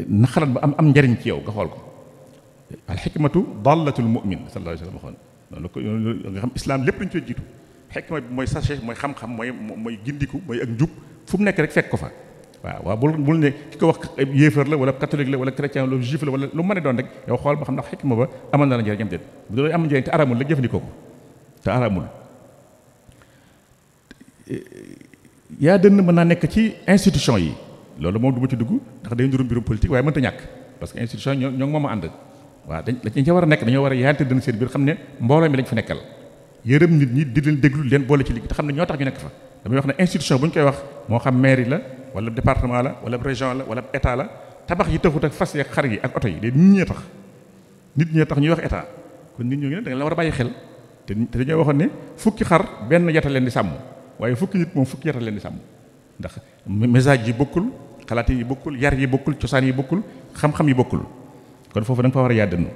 na eh, xalaat ba am am njariñ ci yow nga xool ko al xikmatu dallatul mu'min sallallahu alayhi wa sallam noonu la ko nga xam islam lépp lañ ci jiitu xikma bi mooy sachet xam-xam mooy mooy gindiku mooy ak njub fu nekk rek fekk ko fa waaw waaw bul bul ne ki wax yéefar la wala catholique la wala chrétien la wala lu mën doon rek xool ba xam ndax xikma ba amal na la njëriñam déet bu doon am njëriñ te aramul la jëfandikoo ko te aramul eh, yaa dënn mën naa nekk ci institution yi loolu moom du ci dugg ndax day njurum mbirum politique waaye mënta ñàkk parce que institution ñoo ñoo ngi moom a ànd waaw dañ dañ ca war a nekk dañoo war a yaante dënn seen biir xam ne mbooloo mi lañ fa nekkal yërëm nit ñi di leen déglu leen boole ci liggéey te xam ne ñoo tax ñu nekk fa damay wax ne institution bu ñu koy wax moo xam mairie la wala département la wala région la wala état la tabax yi yi ak xar yi ak oto yi de nit ñee nit ñee tax ñuy wax état kon nit ñoo da nga la a bàyyi xel te dañoo waxoon ne fukki xar benn yata leen di sàmm waaye fukki nit moom fukki yar leen di sàmm ndax message yi bokkul xalaat yi bokkul yar yi bokkul cosaan yi bokkul xam-xam yi bokkul kon foofu da nga fa war a yàddanu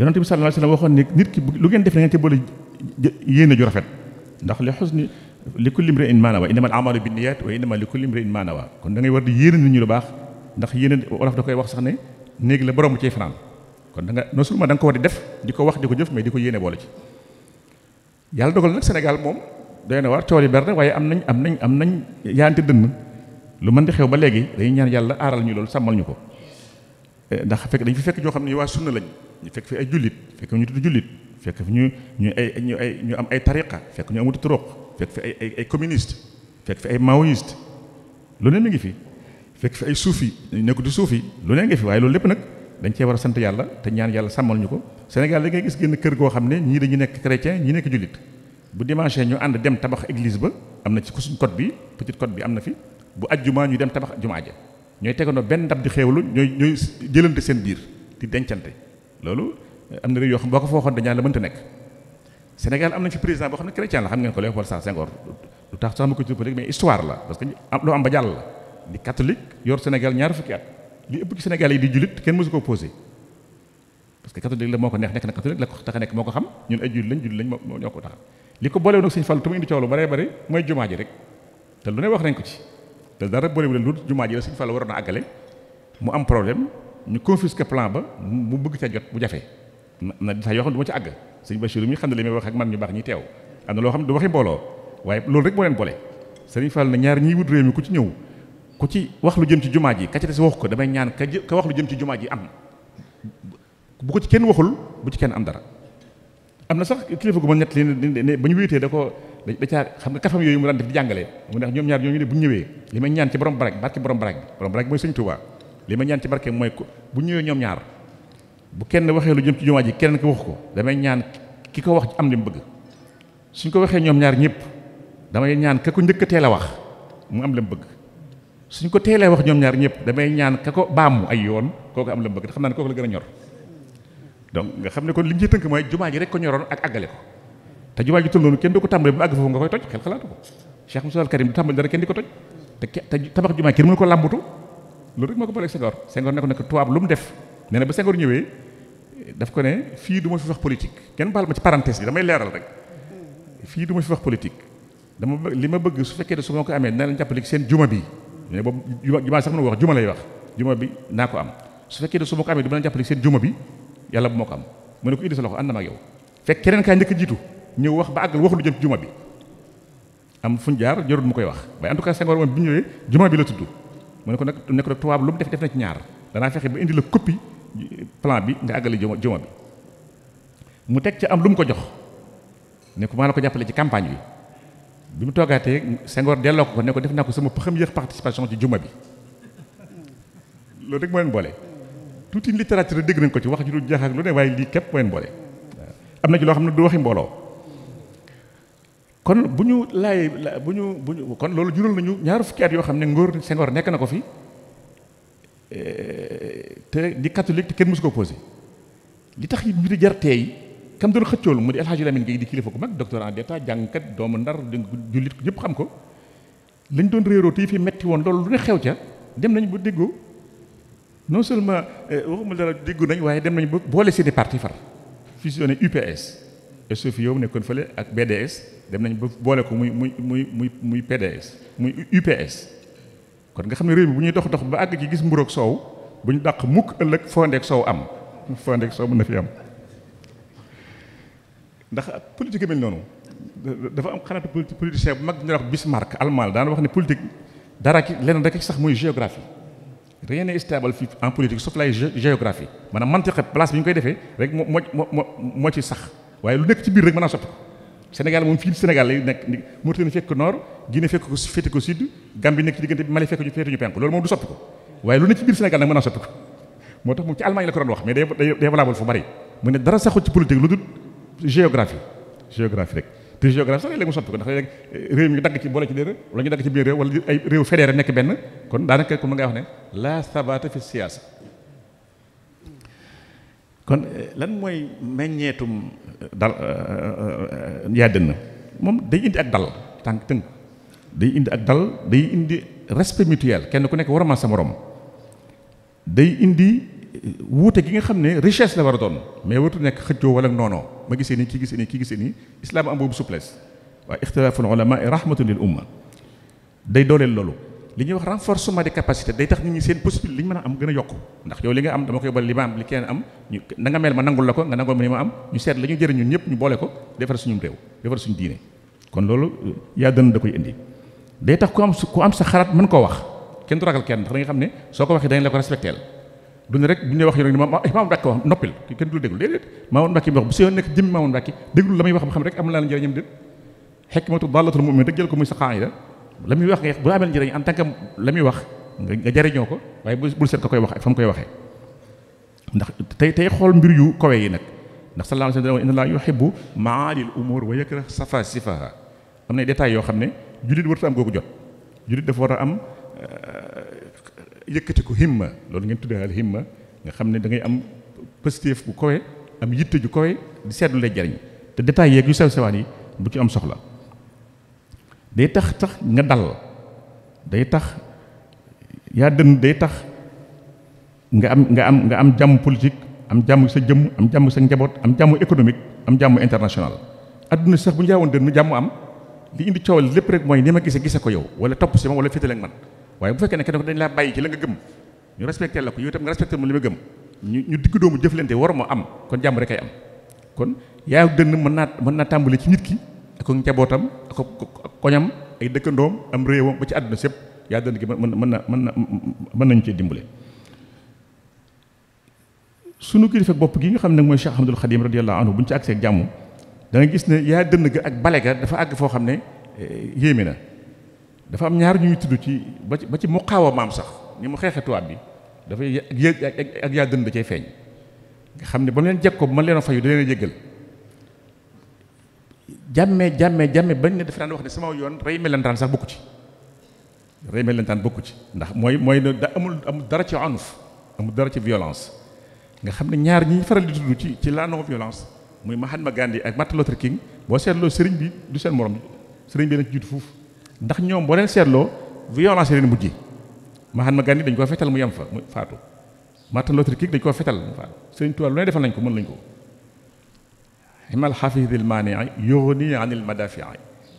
yonente bi sallallahu alayhi wasallam waxoon ne nit ki lu ngeen def na ngeen ci boole yéene ju rafet ndax li xusni li kulli imri'in maa nawaa innamal a'maalu binniyat wa innama li kulli imri'in maa nawaa kon da ngay war di yéene nit ñu lu baax ndax yéene wolof da koy wax sax ne néegi la borom ci fanaan kon da nga non seulement ko war di def di ko wax di ko jëf mais di ko yéene boole ci yàlla dogal nag Sénégal moom doy na waar tool yi berne waaye am nañ am nañ am nañ yaante dënn lu man di xew ba léegi dañuy ñaan yàlla aaral ñu loolu sàmmal ñu ko eh, ndax fekk dañu fi fekk ñoo xam ne waa sunna lañ ñu fekk fi ay jullit fekk ñu tudd jullit fekk fi ñu ñu ay ñu ay ñu am ay tariqa fekk ñu amatu turuq fekk fi ay ay communiste fekk fi ay maoïste lu ne mi ngi fi fekk fi ay suufi nekk di suufi lu ne ngi fi waaye loolu lépp nag dañ cee war a sant yàlla te ñaan yàlla sàmmal ñu ko Sénégal da ngay gis génn kër goo xam ne ñii dañu nekk chrétien ñi nekk jullit bu dimanche ñu ànd dem tabax église ba am na ci suñ côte bi petite côte bi am na fi bu ajjuma ñu dem tabax jumaa ja ñooy tegandoo benn ndab di xeewlu ñooy ñooy jëlante seen biir di dencante loolu eh, am na réew yoo xam boo ko fooxoon dañaa la mënta nekk Sénégal am na fi président boo xam ne chrétien la xam ngeen ko Léopold Sédar Senghor lu tax sax ma ko ci politique mais histoire la que am loo am ba Sénégal ñaar fukki at li ëpp ci Sénégal yi di jullit kenn mësu ko posé parce que catholique la moo ko neex nekk a li ko boolewoon ak sëñ Fallu te mu indi coow lu bare bare mooy jumaa ji rek te lu ne wax nañ ko ci te dara boolewu leen lu jumaa ji la sëñ Fallu waroon a àggale mu am problème ñu confisqué plan ba mu bëgg ca jot bu jafee na sax yoo xam ne ci àgg sëñ Bachir mi xam ne li may wax ak man ñu baax ñi teew am na loo xam ne du waxi mbooloo waaye loolu rek moo leen boole sëriñ Fall na ñaar ñiy wut réew mi ku ci ñëw ku ci wax lu jëm ci jumaa ji ka ci des wax ko damay ñaan ka wax lu jëm ci jumaa ji am bu ko ci kenn waxul bu ci kenn am dara am na sax kilifa gu ma ñett ne ba ñu wéetee da ko da caa xam nga kafam yooyu mu daan def di jàngale mu neex ñoom ñaar ñooñu ne bu ñu ñëwee li may ñaan ci borom barak barke borom barak bi borom barak bi mooy sëñ Tuubaa li may ñaan ci bu ñëwee ñoom ñaar bu kenn waxee lu jëm ci jumaa ji kenn ki wax ko damay ñaan ki ko wax am la mu bëgg suñ ko waxee ñoom ñaar ñëpp damay ñaan ka ko njëkk teel a wax mu am li bëgg suñ ko teelee wax ñaar ñëpp damay ñaan ka ko baamu ay yoon kooku am li mu bëgg te xam naa ne kooku la gën a ñor donc nga xam ne kon li ñu tënk mooy jumaa ji rek ko ñoroon ak àggale ko te jumaa ji tolloonu kenn du ko tàmbale ba mu àgg foofu nga koy toj xel xalaatu ko Cheikh Moussa Al Karim du tàmbale dara kenn di ko toj te tabax jumaa kenn ko làmbatu loolu ko booleeg Senghor Senghor ne ko nag tubaab lu mu def ko ne fii du ma fi politique kenn baal ma ci parenthèse bi damay leeral rek fii du ma fi wax politique dama li ma bëgg su fekkee ne su ma ko amee na leen jàppale seen juma bi mais boobu jumaa sax mën wax juma lay wax juma bi naa ko am su fekkee ne su ma ko amee du ma leen jàppale seen juma bi yàlla bu moo ko am mu ne ko indi sa loxo ànd na ma yow fekk keneen kaa njëkk jiitu ñëw wax ba àggal wax lu jëm juma bi am fuñ jaar jarul mu koy wax waaye en tout bi ñëwee juma bi la tudd mu ne ko nag ne ko tuwaab tubaab lu mu def def na ci ñaar danaa fexe ba indi la copie plan bi nga àggale juma juma bi mu teg ci am lu mu ko jox ne ko maa la ko jàppale ci campagne bi bi mu toogaatee Senghor delloo ko ko ne ko def naa ko sama première participation ci juma bi loolu rek moo leen boole tuuti une littérature dégg nañ ko ci wax ju dul jeex ak lu ne waaye lii képp wen boole am na ci loo xam ne du waxi mbooloo kon bu ñu laay bu ñu bu ñu kon loolu juróom nañu ñaar fukki yoo xam ne ngóor Senghor nekk na ko fi eh, te di catholique te kenn mësu ko posé li tax ñu di jar teey kam doon mu di El Hadji Lamine Guèye di kilifa gu mag doctorant d'état jàngkat doomu ndar jullit ñëpp xam ko lañ doon réeroo te yi fi metti woon loolu lu ne xew ca dem nañ ba déggoo non seulement eh, waxuma dara déggu nañ waaye dem nañ ba boole seeni parti far fusionné UPS SOFIO yow nekkoon fële ak BDS dem nañ ba boole ko muy muy muy muy muy PDS muy UPS kon nga xam ne réew mi bu ñuy dox dox ba àgg ci gis mburoog soow bu ñu dàq mukk ëllëg fondeek soow am fondeek soow mën na fi am ndax politique mel noonu dafa am xalaatu politicien bu mag ñu wax Bismarck allemand daan wax ne politique dara ki leneen rek sax muy géographie rien n'est stable fi en politique sauf lay géographie maanaam mantiqe place bi ñu koy defee rek moo moo moo moo ci sax waaye lu nekk ci biir rek mën naa soppi ko Sénégal moom fii Sénégal lay nekk Mauritanie fekk ko nord Guinée fekk ko féete ko sud Gambie nekk ci diggante bi Mali fekk ñu penk loolu moom du soppi ko waaye lu nekk ci biir Sénégal nag mën naa soppi ko moo tax moom ci Allemagne la ko doon wax mais day day valable fu bari mu ne dara saxul ci crise géographique sax léegi mu soppi ko ndax léegi eh, dagg ci boole ci déedéet wala biir réew wala ay réew fédéré nekk benn kon daanaka comme nga wax ne la sabata fi siyaasa kon eh, lan mooy meññeetum eh, dal yaa moom day indi ak dal tànk tënk day indi ak dal day indi respect mutuel kenn ku nekk war a sama morom day indi wuute gi nga xam ne richesse la war a doon mais wartu nekk xëccoo wala noonoo ma gisee nii kii gisee nii kii gisee nii islaam am boobu souplesse waaye ixtilaaful ulama rahmatun lil umma day dooleel loolu li ñuy wax renforcement des capacités day tax nit ñi seen possibilité li ñu mën a am gën a yokk ndax yow li nga am dama ko yóbbal li ma am li kenn am ñu na mel ma nangul la ko nga nangul ma li ma am ñu seet la ñu ñun ñëpp ñu boole ko defar suñu réew defar suñu diine kon loolu euh, yaa dënn da tax ku am ku am sa xalaat mën koo wax kenn du ragal kenn ndax xam ne soo ko waxee la ko respecteel du ne rek bu ñu wax yoon ma Mamadou Mbacke wax noppil kenn du déglu déedéet Mamadou Mbacke mi wax bu seen nekk jëm Mamadou Mbacke déglu la muy wax ba xam rek am la njëriñam déet hikmatu dallatul ko muy sa la muy wax nga bu amee njëriñ ko waaye bul seet ka koy wax ak fa mu koy waxee ndax tey tey xool mbir yu kawe yi nag ndax sallallahu alayhi wa sallam inna laa yuhibbu ma'alil umur wa yakrah safasifaha am na détails yoo xam ne jullit warta am googu jot jullit dafa war a am yëkkati ko himma loolu ngeen tuddee al himma nga xam ne dangay am positif bu kowe am yitte ju kowe di seetlu lay jariñ te détails yeeg yu sew sewaan yi bu ci am soxla day tax tax nga dal day tax yaa dën day tax nga am nga am nga am jàmm politique am jàmm sa jëmm am jàmm sa njaboot am jàmm économique am jàmm international adduna sax bu ñu jaawoon dënnu jàmm am li indi coowal lépp rek mooy ni ma gisee gise ko yow wala topp si ma wala féetale ak man waaye bu fekkee ne kenn ko dañ laa bàyyi ci la nga gëm ñu respecté la ko yow itam nga respecté mu li ma gëm ñu ñu digg doomu jëflante war ma am kon jàmm rek ay am kon yaayu dënn mën naa mën naa tàmbali ci nit ki ak njabootam ak koñam ay dëkkandoom am réewam ba ci àdduna sépp yaa dënn gi mën mën na mën na mën nañu cee dimbale sunu kilifa bopp gi ñu xam ne mooy Cheikh Ahmadul Xadim radiyallahu anhu bu ñu ci àggsee ak jàmm da gis ne yaa dënn ga ak bale dafa àgg foo xam ne eh, yéeme na dafa am ñaar ñuy tudd ci ba ci ba ci mu xaaw a maam sax ni mu xeexe tubaab bi dafa ak yaa gën da cay feeñ nga xam ne ba mu leen jeg ko ba ma leen fayu da leen a jéggal jàmmee jàmmee jàmmee bañ ne dafa daan wax ne sama yoon rey melentaan sax bokku ci rey melentaan bokku ci ndax mooy mooy da amul amul dara ci anuf amul dara ci violence nga xam ne ñaar ñi faral di tudd ci ci la non violence muy Mahatma Gandhi ak Martin Luther King boo seetloo sëriñ bi du seen morom sëriñ bi foofu ndax ñoom boo leen seetloo violence leen mujj Mahatma Gandhi dañ koo fetal mu yem fa mu faatu Martin Luther King dañ koo fetal mu faatu Sëriñ Tuubaa lu ne defal nañ ko mën nañ ko imal xafidil maanii yuxni anil madafii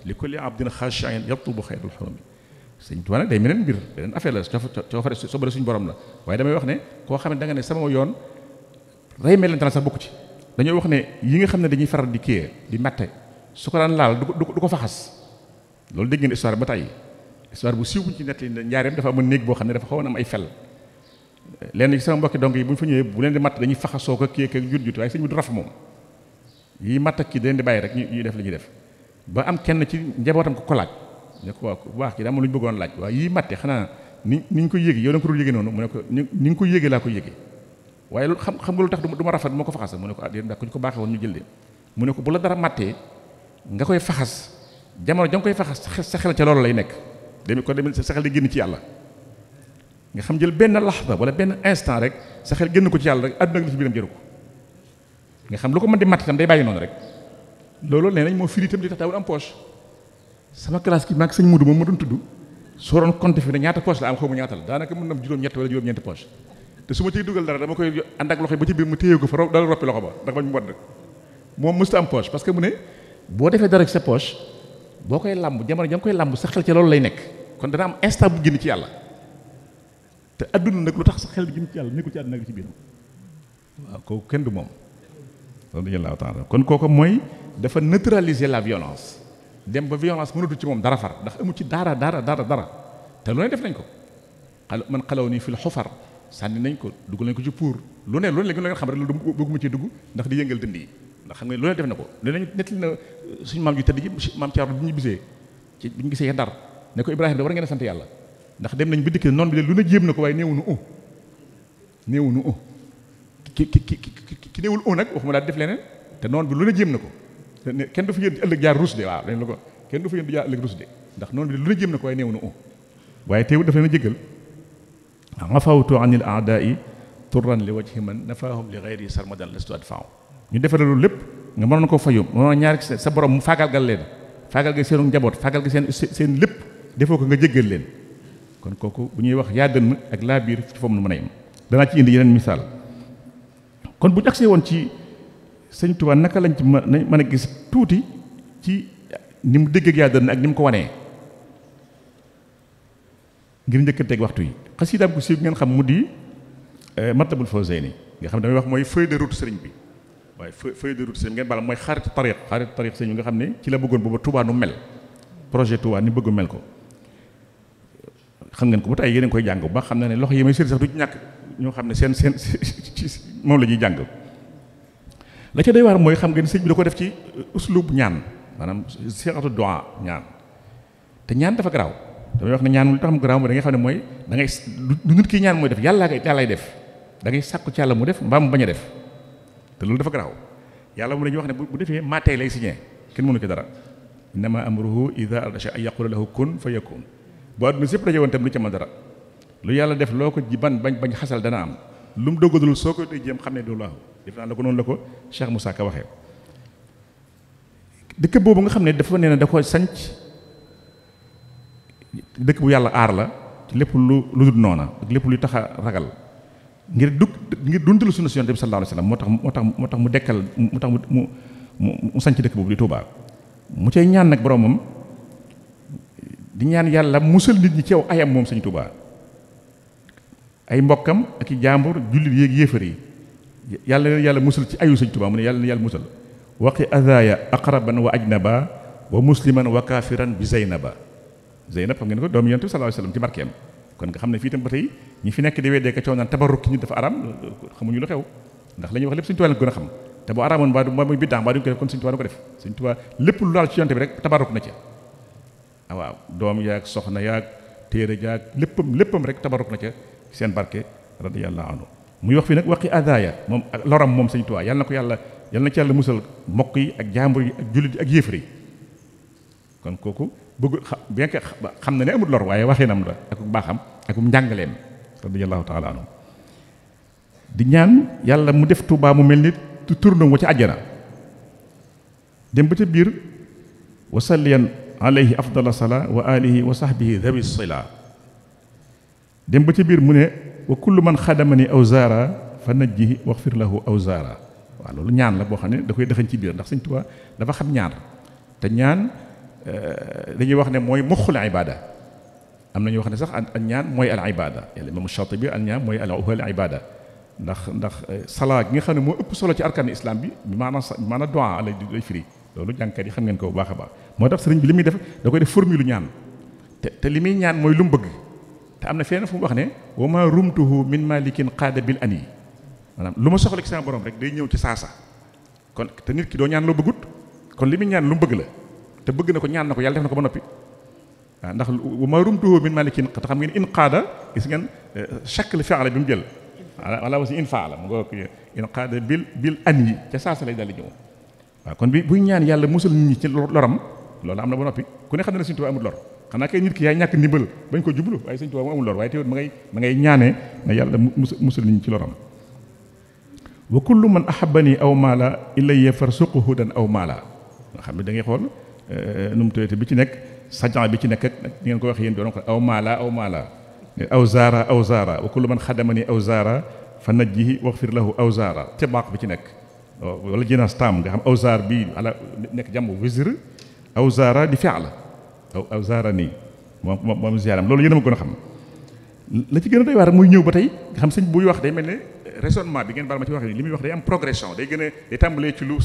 li kulli abdin xachain yatlubu xayrul xurumi Sëriñ Tuubaa nag day meneen mbir beneen affaire la soo sobare suñu borom la waaye damay wax ne koo xam ne da ne sama yoon rey melentaan sax bokku ci dañoo wax ne yi nga xam ne dañuy faral di kii di matte su ko daan laal du ko du ko faxas loolu dégg ngeen ba tey histoire bu siiw buñ ci nettali njaareem dafa amoon néeg boo xam ne dafa xawoon am ay fel lenn ci sama mbokki donc yi bu ñu fa ñëwee bu leen di matt dañuy faxasoo ko kii ak jut jut waaye sëñ bi du raf moom yi matt ak kii di bàyyi rek ñuy def la ñuy def ba am kenn ci njabootam ko ko laaj ne ko waaw waax ci daa ma lu ñu bëggoon laaj waaye yi matte xanaa ni ni ñu ko yéegi yow da nga ko dul yéegi noonu mu ne ko ni nga ko yéegi laa ko yéegi waaye loolu xam xam nga ma rafet moo ko faxas mu ne ko ah déedéet ko ñu ko baaxee woon mu ne ko bu la dara mattee nga koy faxas jamono jang koy fexe sa xel ca loolu lay nekk demi kon demi sa xel di génn ci yàlla nga xam jël benn lax laxda wala benn instant rek sa xel génn ko ci yàlla rek àdduna li ci biiram jëru ko nga xam lu ko mën di mat itam bàyyi noonu rek loolu nee nañ moo firi itam am poche sama classe ki maag sëñ Mudu moom ma doon ñaata poche la am xaw daanaka mën na am juróom-ñett wala juróom-ñeenti poche te su ma ciy dugal dara ak loxo ba ci biir mu téye ko fa dala roppi loxo ba ndax bañ mu wadd moom mësta am poche parce que mu ne boo defee dara sa poche boo koy làmb jamono ja nga koy làmb sa xel ci loolu lay nekk kon dana am instant bu génn ci yàlla te adduna nag lu tax sa xel di génn ci yàlla nekkul ci àdduna ko ci biir kenn du moom radiyallahu taala kon kooku mooy dafa neutraliser la violence dem ba violence mënatul ci moom dara far ndax amu ci dara dara dara dara te lu ne def nañ ko xal man xalaw nii fil xufar sànni nañ ko dugg nañ ko ci pour lu ne lu ne la gën a xam rek loolu bëgguma ci dugg ndax di yëngal dënd yi ndax xam nga lu ne def na ko lu ne nettali na euh, suñu maam ju tëdd ji maam Thierno bi ñu bisee ci bi ñu gisee Ndar ne ko Ibrahima da war ngeen a sant yàlla ndax dem nañ bi dikk noonu bi de lu ne na ko waaye néewu nu u néewu nu u ki ki ki ki néewul u nag waxuma daal def leneen te noonu bi lu ne jéem na ko kenn du fa yéen ëllëg jaar ruus de waaw dañ la ko kenn du fa yéen di jaar ëllëg ruus de ndax noonu bi de lu ne jéem na ko waaye néewu nu u waaye teewul dafa leen a jéggal afawtu anil aadaa'i turran li wajhi man nafaahum li ghayri sarmadan lastu adfa'u ñu defaree loolu lépp nga mënoon ko fayu mënoon ñaari sa borom mu faagaagal leen faagaagal seenu njaboot faagaagal seen seen lépp defoo ko nga jéggal leen kon kooku bu ñuy wax yaa gën ak laa biir ci foofu nu mën a yem danaa ci indi yeneen misaal kon bu ñu agsee woon ci sëñ Tuubaa naka lañ ci mën a gis tuuti ci ni mu dégg ak yaa gën ak ni mu ko wanee ngir njëkkanteeg waxtu yi xasiidaam ko siiw ngeen xam mu di eh, Matlabul Fawzayni nga xam damay wax mooy feuille de route sëriñ bi waaye feuille de route sëñ ngeen bala mooy xaritu tariq xaritu tariq sëñ bi nga xam ne ci la bëggoon booba Touba nu mel projet Touba ni bëgg mel ko xam ngeen ko ba tey yéen koy jàng ba xam na ne loxo yi may sëri sax du ci ñoo xam ne seen seen moom la ñuy jàng la ca doy mooy xam ngeen sëñ bi da ko def ci euh, uslub ñaan maanaam siratu doa ñaan te ñaan dafa garaaw damay wax ne ñaan lu tax mu mooy da ngay xam ne mooy da ngay du nit ki ñaan mooy def yàlla yàllaay def da ngay sàkku ci yàlla mu def mbaa mu bañ a def te loolu dafa garaaw yàlla mu la ñuy wax ne bu defee maatee lay signé kenn mënu ko dara innama amruhu ida ardacha an yaqula lahu kun fa yakun bu àdduna sépp la woon tam lu ca mën dara lu yàlla def loo ko ji ban bañ bañ xasal dana am lu mu doggadul soo ko dee jéem xam ne du laahu def naa la ko noonu la ko Cheikh Moussa Ka waxee dëkk boobu nga xam ne dafa nee na da ko sanc dëkk bu yàlla aar la lépp lu lu dul noona ak lépp luy tax a ragal ngir dugg ngir dundalu sunna si yonent bi sallallahu alayhi wa sallam moo tax moo tax mu dekkal mu tax mu mu mu sanc dëkk boobu di Touba mu cay ñaan nag boromam di ñaan yàlla musal nit ñi ci aw ayam moom sëñ Touba ay mbokkam ak i jàmbur jullit yéeg yéefar yi yàlla leen yàlla musal ci ayu sëñ Touba mu ne yàlla na yàlla musal waqi adaya aqraban wa ajnaba wa musliman wa kafiran bi zeynaba zeynab xam ngeen ko doomu yonent bi sallallahu alayhi wa sallam ci barkeem kon nga xam ne fii tam ba tey ñi fi nekk di weddee ka coow naan tabarruki nit dafa aram xamuñu lu xew ndax lañuy wax lépp Sëñ Tuubaa leen gën a xam te bu araamoon mbaa mooy biddaa mbaa duñ ko def kon Sëñ lépp lu laal ci yonte bi rek tabarruk na ci ah waaw doom yaag soxna yaag téere jaag léppam léppam rek tabarruk na ca seen barke radiyallahu anhu muy wax fi nag waxi ya moom ak loram moom Sëñ Tuubaa yàlla na ko yàlla yàlla na ci yàlla musal mbokk yi ak jaambur yi ak jullit yi ak yéefar yi kon kooku bëgg bien que xam na ne amul lor waaye waxinam la ak mu ak njàngaleem radiyallahu taala anhu di ñaan yàlla mu def Tuubaa mu mel ni turndom wa ci àjjana dem ba ca biir wa salliyan alayhi afdala sala wa alihi wa sahbihi dhawi sila dem ba ca biir mu ne wa kullu man ni aw zaara fa najjihi waxfir lahu aw zaara waaw loolu ñaan la boo xam ne da koy dëxañ ci biir ndax Sëñ Tuubaa dafa xam ñaan te ñaan euh, dañuy wax ne mooy muxul ibada am na ñoo xam ne sax ak ñaan mooy al ibada yàlla imam Shatibi al ñaan mooy al ibada ndax ndax eh, salaa gi nga xam ne moo ëpp solo ci arkaan islam bi maanaam maanaam doa lay lay firi loolu jàngkat yi xam ngeen ko bu baax a baax moo tax sëriñ bi li muy def da koy def formule ñaan te te li muy ñaan mooy lu mu bëgg te am na feneen fu mu wax ne wa ma rumtuhu min malikin qaada bil ani maanaam lu ma soxla ci sama borom rek day ñëw ci saasa kon te nit ki doo ñaan loo bëggut kon li muy ñaan lu mu bëgg la te bëgg na ko ñaan na ko yàlla def na ko ba noppi waaw ndax wa maa rumtuhu min malikin te xam ngeen in qaada gis ngeen chaque euh, fi'la bi mu jël wala wasi in faala mu nga in qaada bil bil an yi ca saasa lay daldi ñëw waaw kon bi buy ñaan yàlla musal nit ñi ci loram loolu am na ba noppi ku ne xam ne Sëñ Tuubaa amul lor xanaa kay nit ki yaay ñàkk ko jublu waaye Sëñ ngay ma ngay ñaanee yàlla musal nit ñi ci loram wa kullu man ahabbani aw maala ilayya farsuquhu hudan aw maala nga xam ne da ngay xool Euh, nu mu tëyte bi ci nekk sajan bi ci nekk ak ni ngeen ko wax yéen doon ko aw maala aw maala aw zaara aw zaara wa kullu man ni aw zaara fa najjihi waxfir lahu aw zaara te baax bi ci nekk wala jinaas taam nga xam aw zaar bii ala nekk jàmm wizr aw zaara di fiala aw aw zaara nii moom moom moom ziaram loolu a ma a xam la ci gën a doy waar muy ñëw ba tey nga xam sëñ buy wax day mel ne euh, raisonnement bi ngeen baal ma ci wax li muy wax day am progression day gën a day tàmbalee ci lu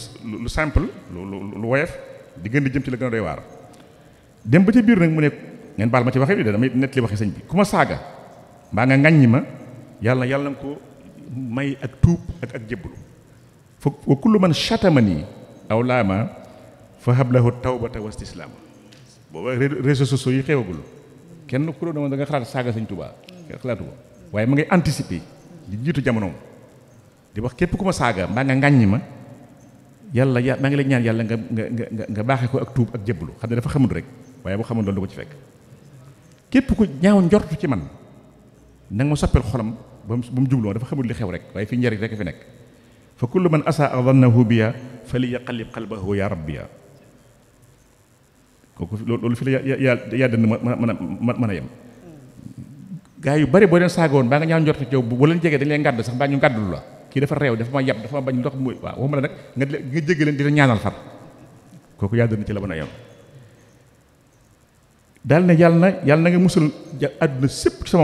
lu simple lu lu woyof di gën jëm ci la gën a doy waar dem ba ci biir nag mu ne ngeen baal ma ci waxee bi de damay net li waxee sëñ bi ku ma saaga mbaa nga ŋàññi ma yàlla yàlla nga ko may ak tuub ak ak jébbalu fa wa kullu man chatamani aw laama fa hablahu tawbata wa istislaam booba réseaux sociaux yi xewagul kenn ku doon da nga xalaat saaga sëñ Tuubaa xalaatu ko waaye mu ngay anticiper di jiitu jamonoom di wax képp ku ma saaga mbaa nga ŋàññi ma yàlla ya maa ngi lay ñaan yàlla nga nga nga nga baaxee ko ak tuub ak jébbalu xam ne dafa xamul rek waaye bu xamul loolu du ko ci fekk képp ku ñaaw njortu ci man nanga ma soppeel xolam ba mu jubloo dafa xamul li xew rek waaye fi njariñ rek fi nekk fa kullu man asaa dannahu biya fali yaqallib qalbahu ya rabbiya kooku loolu fi la ya yaa dënd ma mën a mën a yem gaa yu bari boo leen saagoon baa nga ñaaw njortu ci yow bu leen jegee dañ leen ngàdd sax baa ñu ngàddul la kii dafa réew dafa ma yab dafa ma bañ ndox muy waaw waxuma la nag nga nga jéggi leen di ñaanal far kooku yaa doon ci la mën a yem daal ne yàlla na yàlla na nga musal ci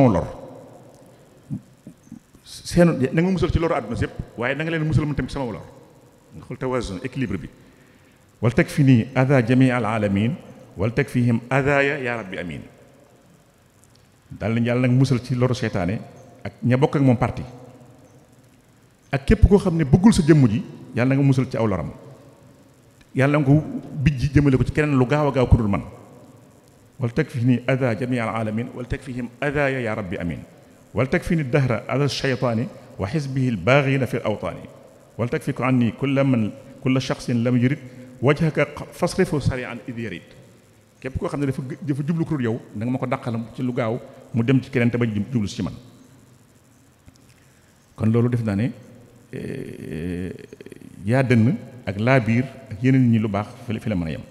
seen na nga ci loru àdduna waaye na leen musal mën tamit ci sama lor nga teg fi nii ada jamii al alamin wal teg fihim adaya ya rabbi amin daal ne yàlla na ci loru seytaane ak ña bokk moom parti ak képp koo xam ne bëggul sa jëmm ji yàlla nga musal ci aw laram yàlla nga ko bijji jëmale ko ci keneen lu gaaw a gaaw ku dul man wal teg fi ni ada jamii al alamin teg fihim adaya ya rabbi amin wal teg fi ni dahra ada shaytaani wa xisbihi albaaxina fi l awtaani wal teg fi ko an ni kulla man kulla shaxsin lam yurid wajhaka fasrifu sarian id yarid képp koo xam ne dafa dafa jublu ku dul yow da ma ko dàqal ci lu gaaw mu dem ci keneen te bañ jublu si ci man kon loolu def naa ne Euh, yaa dënn ak laa biir ak yeneen ñi lu baax fi la mën a yem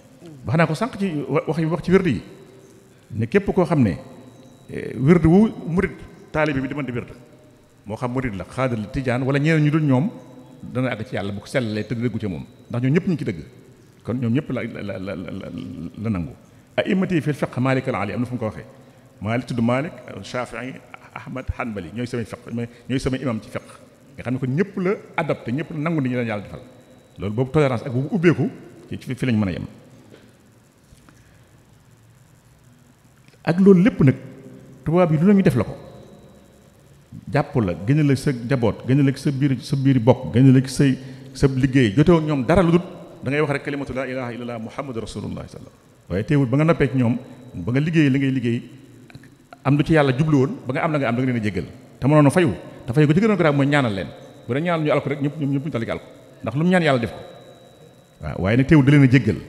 wax naa ko sànq ci wax yi wax ci wérd yi ne képp koo xam ne euh, wérd wu murit taalibe bi di mën di wérd moo xam murit la xaadir la tijaan wala ñeneen ñu dul ñoom dana àgg ci yàlla bu ko sellalee te dëggu ci moom ndax ñoom ñëpp ñu ci dëgg kon ñoom ñëpp la la la la nangu a imati fil fiq malik al ali am na fu mu ko waxee malik tudd malik shafii ahmad hanbali ñooy samay fiq ñooy samay imam ci fiq nga xam ne ko ñëpp la adapté ñëpp la nangu ni ñu leen yàlla defal loolu boobu tolérance ak boobu ubbeeku ci fi lañ mën a yem ak loolu lépp nag tubaab yi lu lañu def la ko jàpp la gën la sa jaboot gën a la sa biir sa biir bokk gën a la say sa liggéey jotewoo ñoom dara lu dul da ngay wax rek kalimatu laa ilaha illallah muhammadu rasulullah sallallahu waaye teewul ba nga noppee ci ñoom ba nga liggéey li ngay liggéey am lu ci yàlla jublu woon ba nga am la am da nga leen te mënoon fayu te fayu ko ci gën a grave mooy ñaanal leen bu dee ñaanal ñu alko rek ñëpp ñoom ñëpp ñu tali alko ndax lu mu ñaan yàlla def ko waaw waaye nag teew da leen a jéggal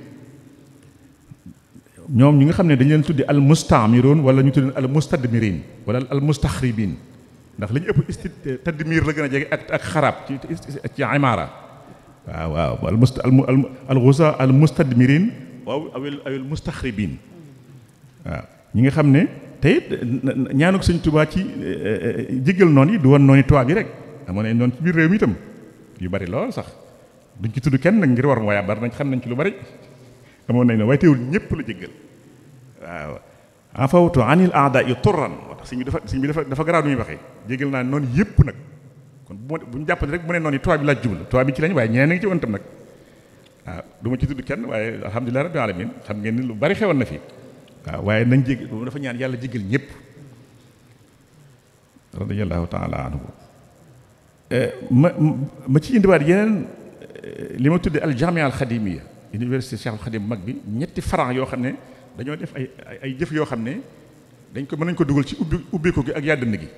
ñoom ñi nga xam ne dañu leen tuddi al mustamiroon wala ñu tuddi al mustadmirin wala al mustaxribin ndax li ñu ëpp isti tadmir la gën a jege ak ak xarab ci waaw waaw al must al xusa al mustadmirin waaw awil awil mustaxribin waaw xam ne te it ñaanu ko sëñ Tuubaa ci eh, eh, jéggal noon yi du woon noonu tubaab yi rek amoon nañ noonu ci biir réew mi itam yu bari lool sax duñ ci tudd kenn nag ngir war waaye bari nañ xam nañ ci lu bari amoon nañ ne waaye ñëpp la jéggal waaw afawtu anil aada yi turran moo tax sëñ bi dafa sëñ bi dafa dafa garaaw du muy waxee jéggal naa noonu yëpp nag kon bu bu ñu jàppante rek mu ne noonu yi tubaab bi laaj jublu tubaab bi ci lañ waaye ñeneen a ci woon tam nag waaw du ma ci tudd kenn waaye alhamdulilah rabbil alamin xam ngeen lu bari xewoon na fii waaw waaye nañ jég moom dafa ñaan yàlla jégal ñëpp radiallahu taala anhu eh, ma ma ci indiwaat yeneen eh, li ma tuddee al jamia al xadimiya université Cheikh al mag bi ñetti franc yoo xam ne dañoo def ay ay jëf yoo xam ne dañ ko mën nañ ko dugal ci ubbi ubbeeku gi ak yàddand gi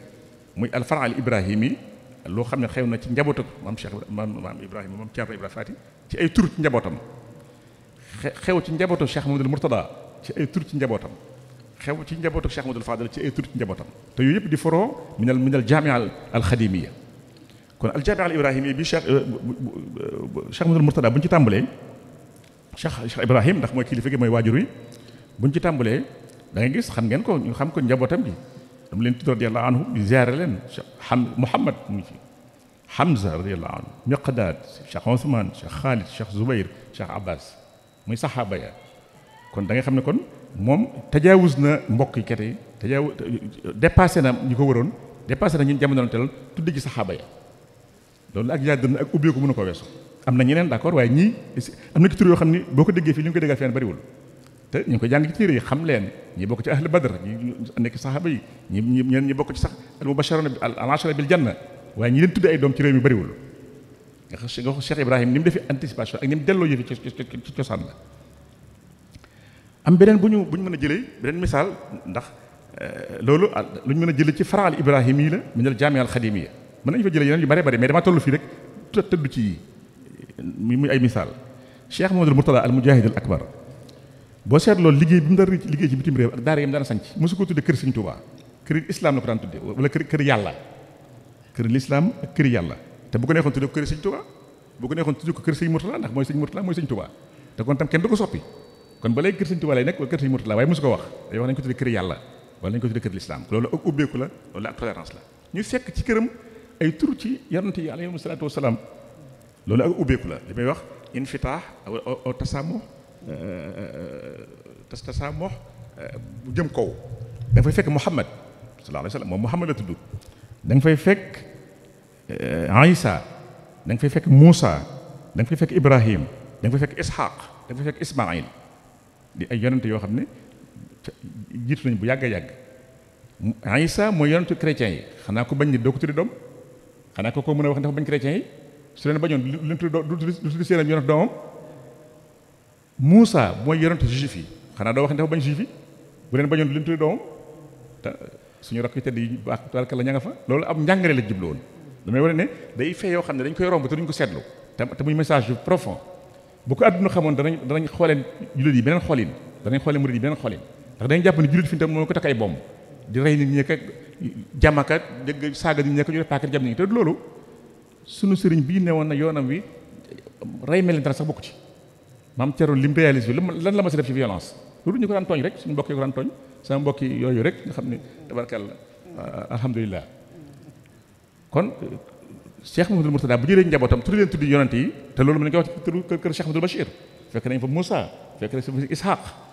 muy al franc al ibrahim yi loo xam ne xew na ci njaboot ak maam Cheikh maam maam Ibrahima maam Thierno Ibrahima Fati ci ay tur ci njabootam xew ci njabootu Cheikh Mamadou Mourtada ci ay tur ci njabootam xew ci njabootu Cheikh Ahmadul Fadal ci ay tur ci njabootam te yooyu yëpp di foro minal minal jaamia al xadimiya kon al jaamia al ibrahimiya bi Cheikh euh, Cheikh Ahmadul bu ñu ci tàmbalee Cheikh Cheikh Ibrahim ndax mooy kilifa gi mooy waajur wi bu ñu ci tàmbalee da ngay gis xam ngeen ko ñu xam ko njabootam gi dama leen tudd radiyallahu anhu di ziare leen Cheikh Ham mu ngi ci Hamza radiyallahu anhu Miqdad Cheikh Ousmane Cheikh Khalid Cheikh Zubair Cheikh muy saxaaba ya kon da nga xam ne kon moom tajaawus na mbokk yi kete yi tajaawu dépassé na ñu ko waroon dépassé na ñun jamono teel tuddi ci saxaaba ya loolu ak yaa dënn ak ubbeeku mënu ko weesu am na ñeneen d'accord waaye ñii am na ki yoo xam ni boo ko déggee fii li ñu ko déggal fenn bariwul te ñu ngi ko jàng ci téere yi xam leen ñi bokk ci ahli badr ñi nekk saxaaba yi ñi ñeneen ñi bokk ci sax al mubasharuna al ashara bil janna waaye ñi leen tudde ay doom ci réew mi bariwul nga am beneen bu ñu bu ñu mën a jëlee beneen misaal ndax euh, loolu ah, lu ñu mën a jëlee ci faraal ibrahim yi la min al jaami al xadimiya mën nañu fa jëlee yeneen yu bare bare mais dama toll fii rek tëdd ci muy ay misaal Cheikh Mamadou Mourtada al mujahid al akbar boo seetloo liggéey bi mu daan liggéey ci bitim réew ak daara yi mu daan sanc mosu ko tuddee kër Sëñ Tuubaa kër islam la ko daan tuddee wala kër kër yàlla kër l'islam ak kër yàlla te bu ko neexoon tuddee ko kër Sëñ Tuubaa bu ko neexoon tuddee ko mooy Sëñ Mourtada mooy Sëñ Tuubaa te kon tam kenn du ko soppi kon ba léegi kër sëñ Tuubaa lay nekk wala kër sëñ Murtala waaye mosu ko wax day wax nañ kër yàlla wala nañ ko tudde kër lislaam loolu la loolu ak la ñu fekk ci këram ay tur ci yonante yi alayhim salaatu wasalaam loolu ak ubbeeku la li may wax infitaax aw tasaamuh tasaamuh euh, euh, jëm kow da nga fay fekk Muhammad sallallahu moom Muhammad la tudd da fay fekk euh, Isa da fay fekk Muusa da fay fekk Ibrahim da fay fekk Ishaq da nga fay fekk Ismail di ay yonent yoo xam ne jiitu nañ bu yàgg a yàgg Isa mooy yonentu chrétien yi xanaa ko bañ ni doo ko tuddi doom xanaa ko ko mën a wax ndax dafa bañ chrétien yi su leen bañoon lu tuddi seen yonent doomam Moussa mooy yonentu juif yi xanaa doo wax ne dafa bañ juif yi bu leen bañoon lu tuddi doomam te suñu rakk yi tedd yi baax tarka la ña fa loolu ab njàngale la jublu woon damay wane ne day fee yoo xam ne dañ koy romb te duñ ko seetlu te muy message profond bu ko adduna xamoon danañ danañ xooleen jullit yi beneen xoolin danañ xoolee murid yi beneen xoolin ndax dañ jàpp ne jullit fi mu tam moo ko takk ay bomb di rey nit ñi ka jàmmaka dégg saaga nit ñi ka ñu def paaka jàmm ñi te loolu sunu sëriñ bii woon na yoonam wi rey mel dara sax bokku ci maam Thierno lim réalise bi lan la ma si def ci violence loolu ñu ko daan tooñ rek mbokk yi ko daan tooñ sama mbokk yooyu rek nga xam ne tabarkàlla alhamdulilah kon Cheikh Mouhamadou Mourtada bu jëlee njabootam tudd leen tudd yonante yi te loolu mën nañu koy wax ci turu kër Cheikh Mouhamadou Bachir fekk nañ fa Moussa fekk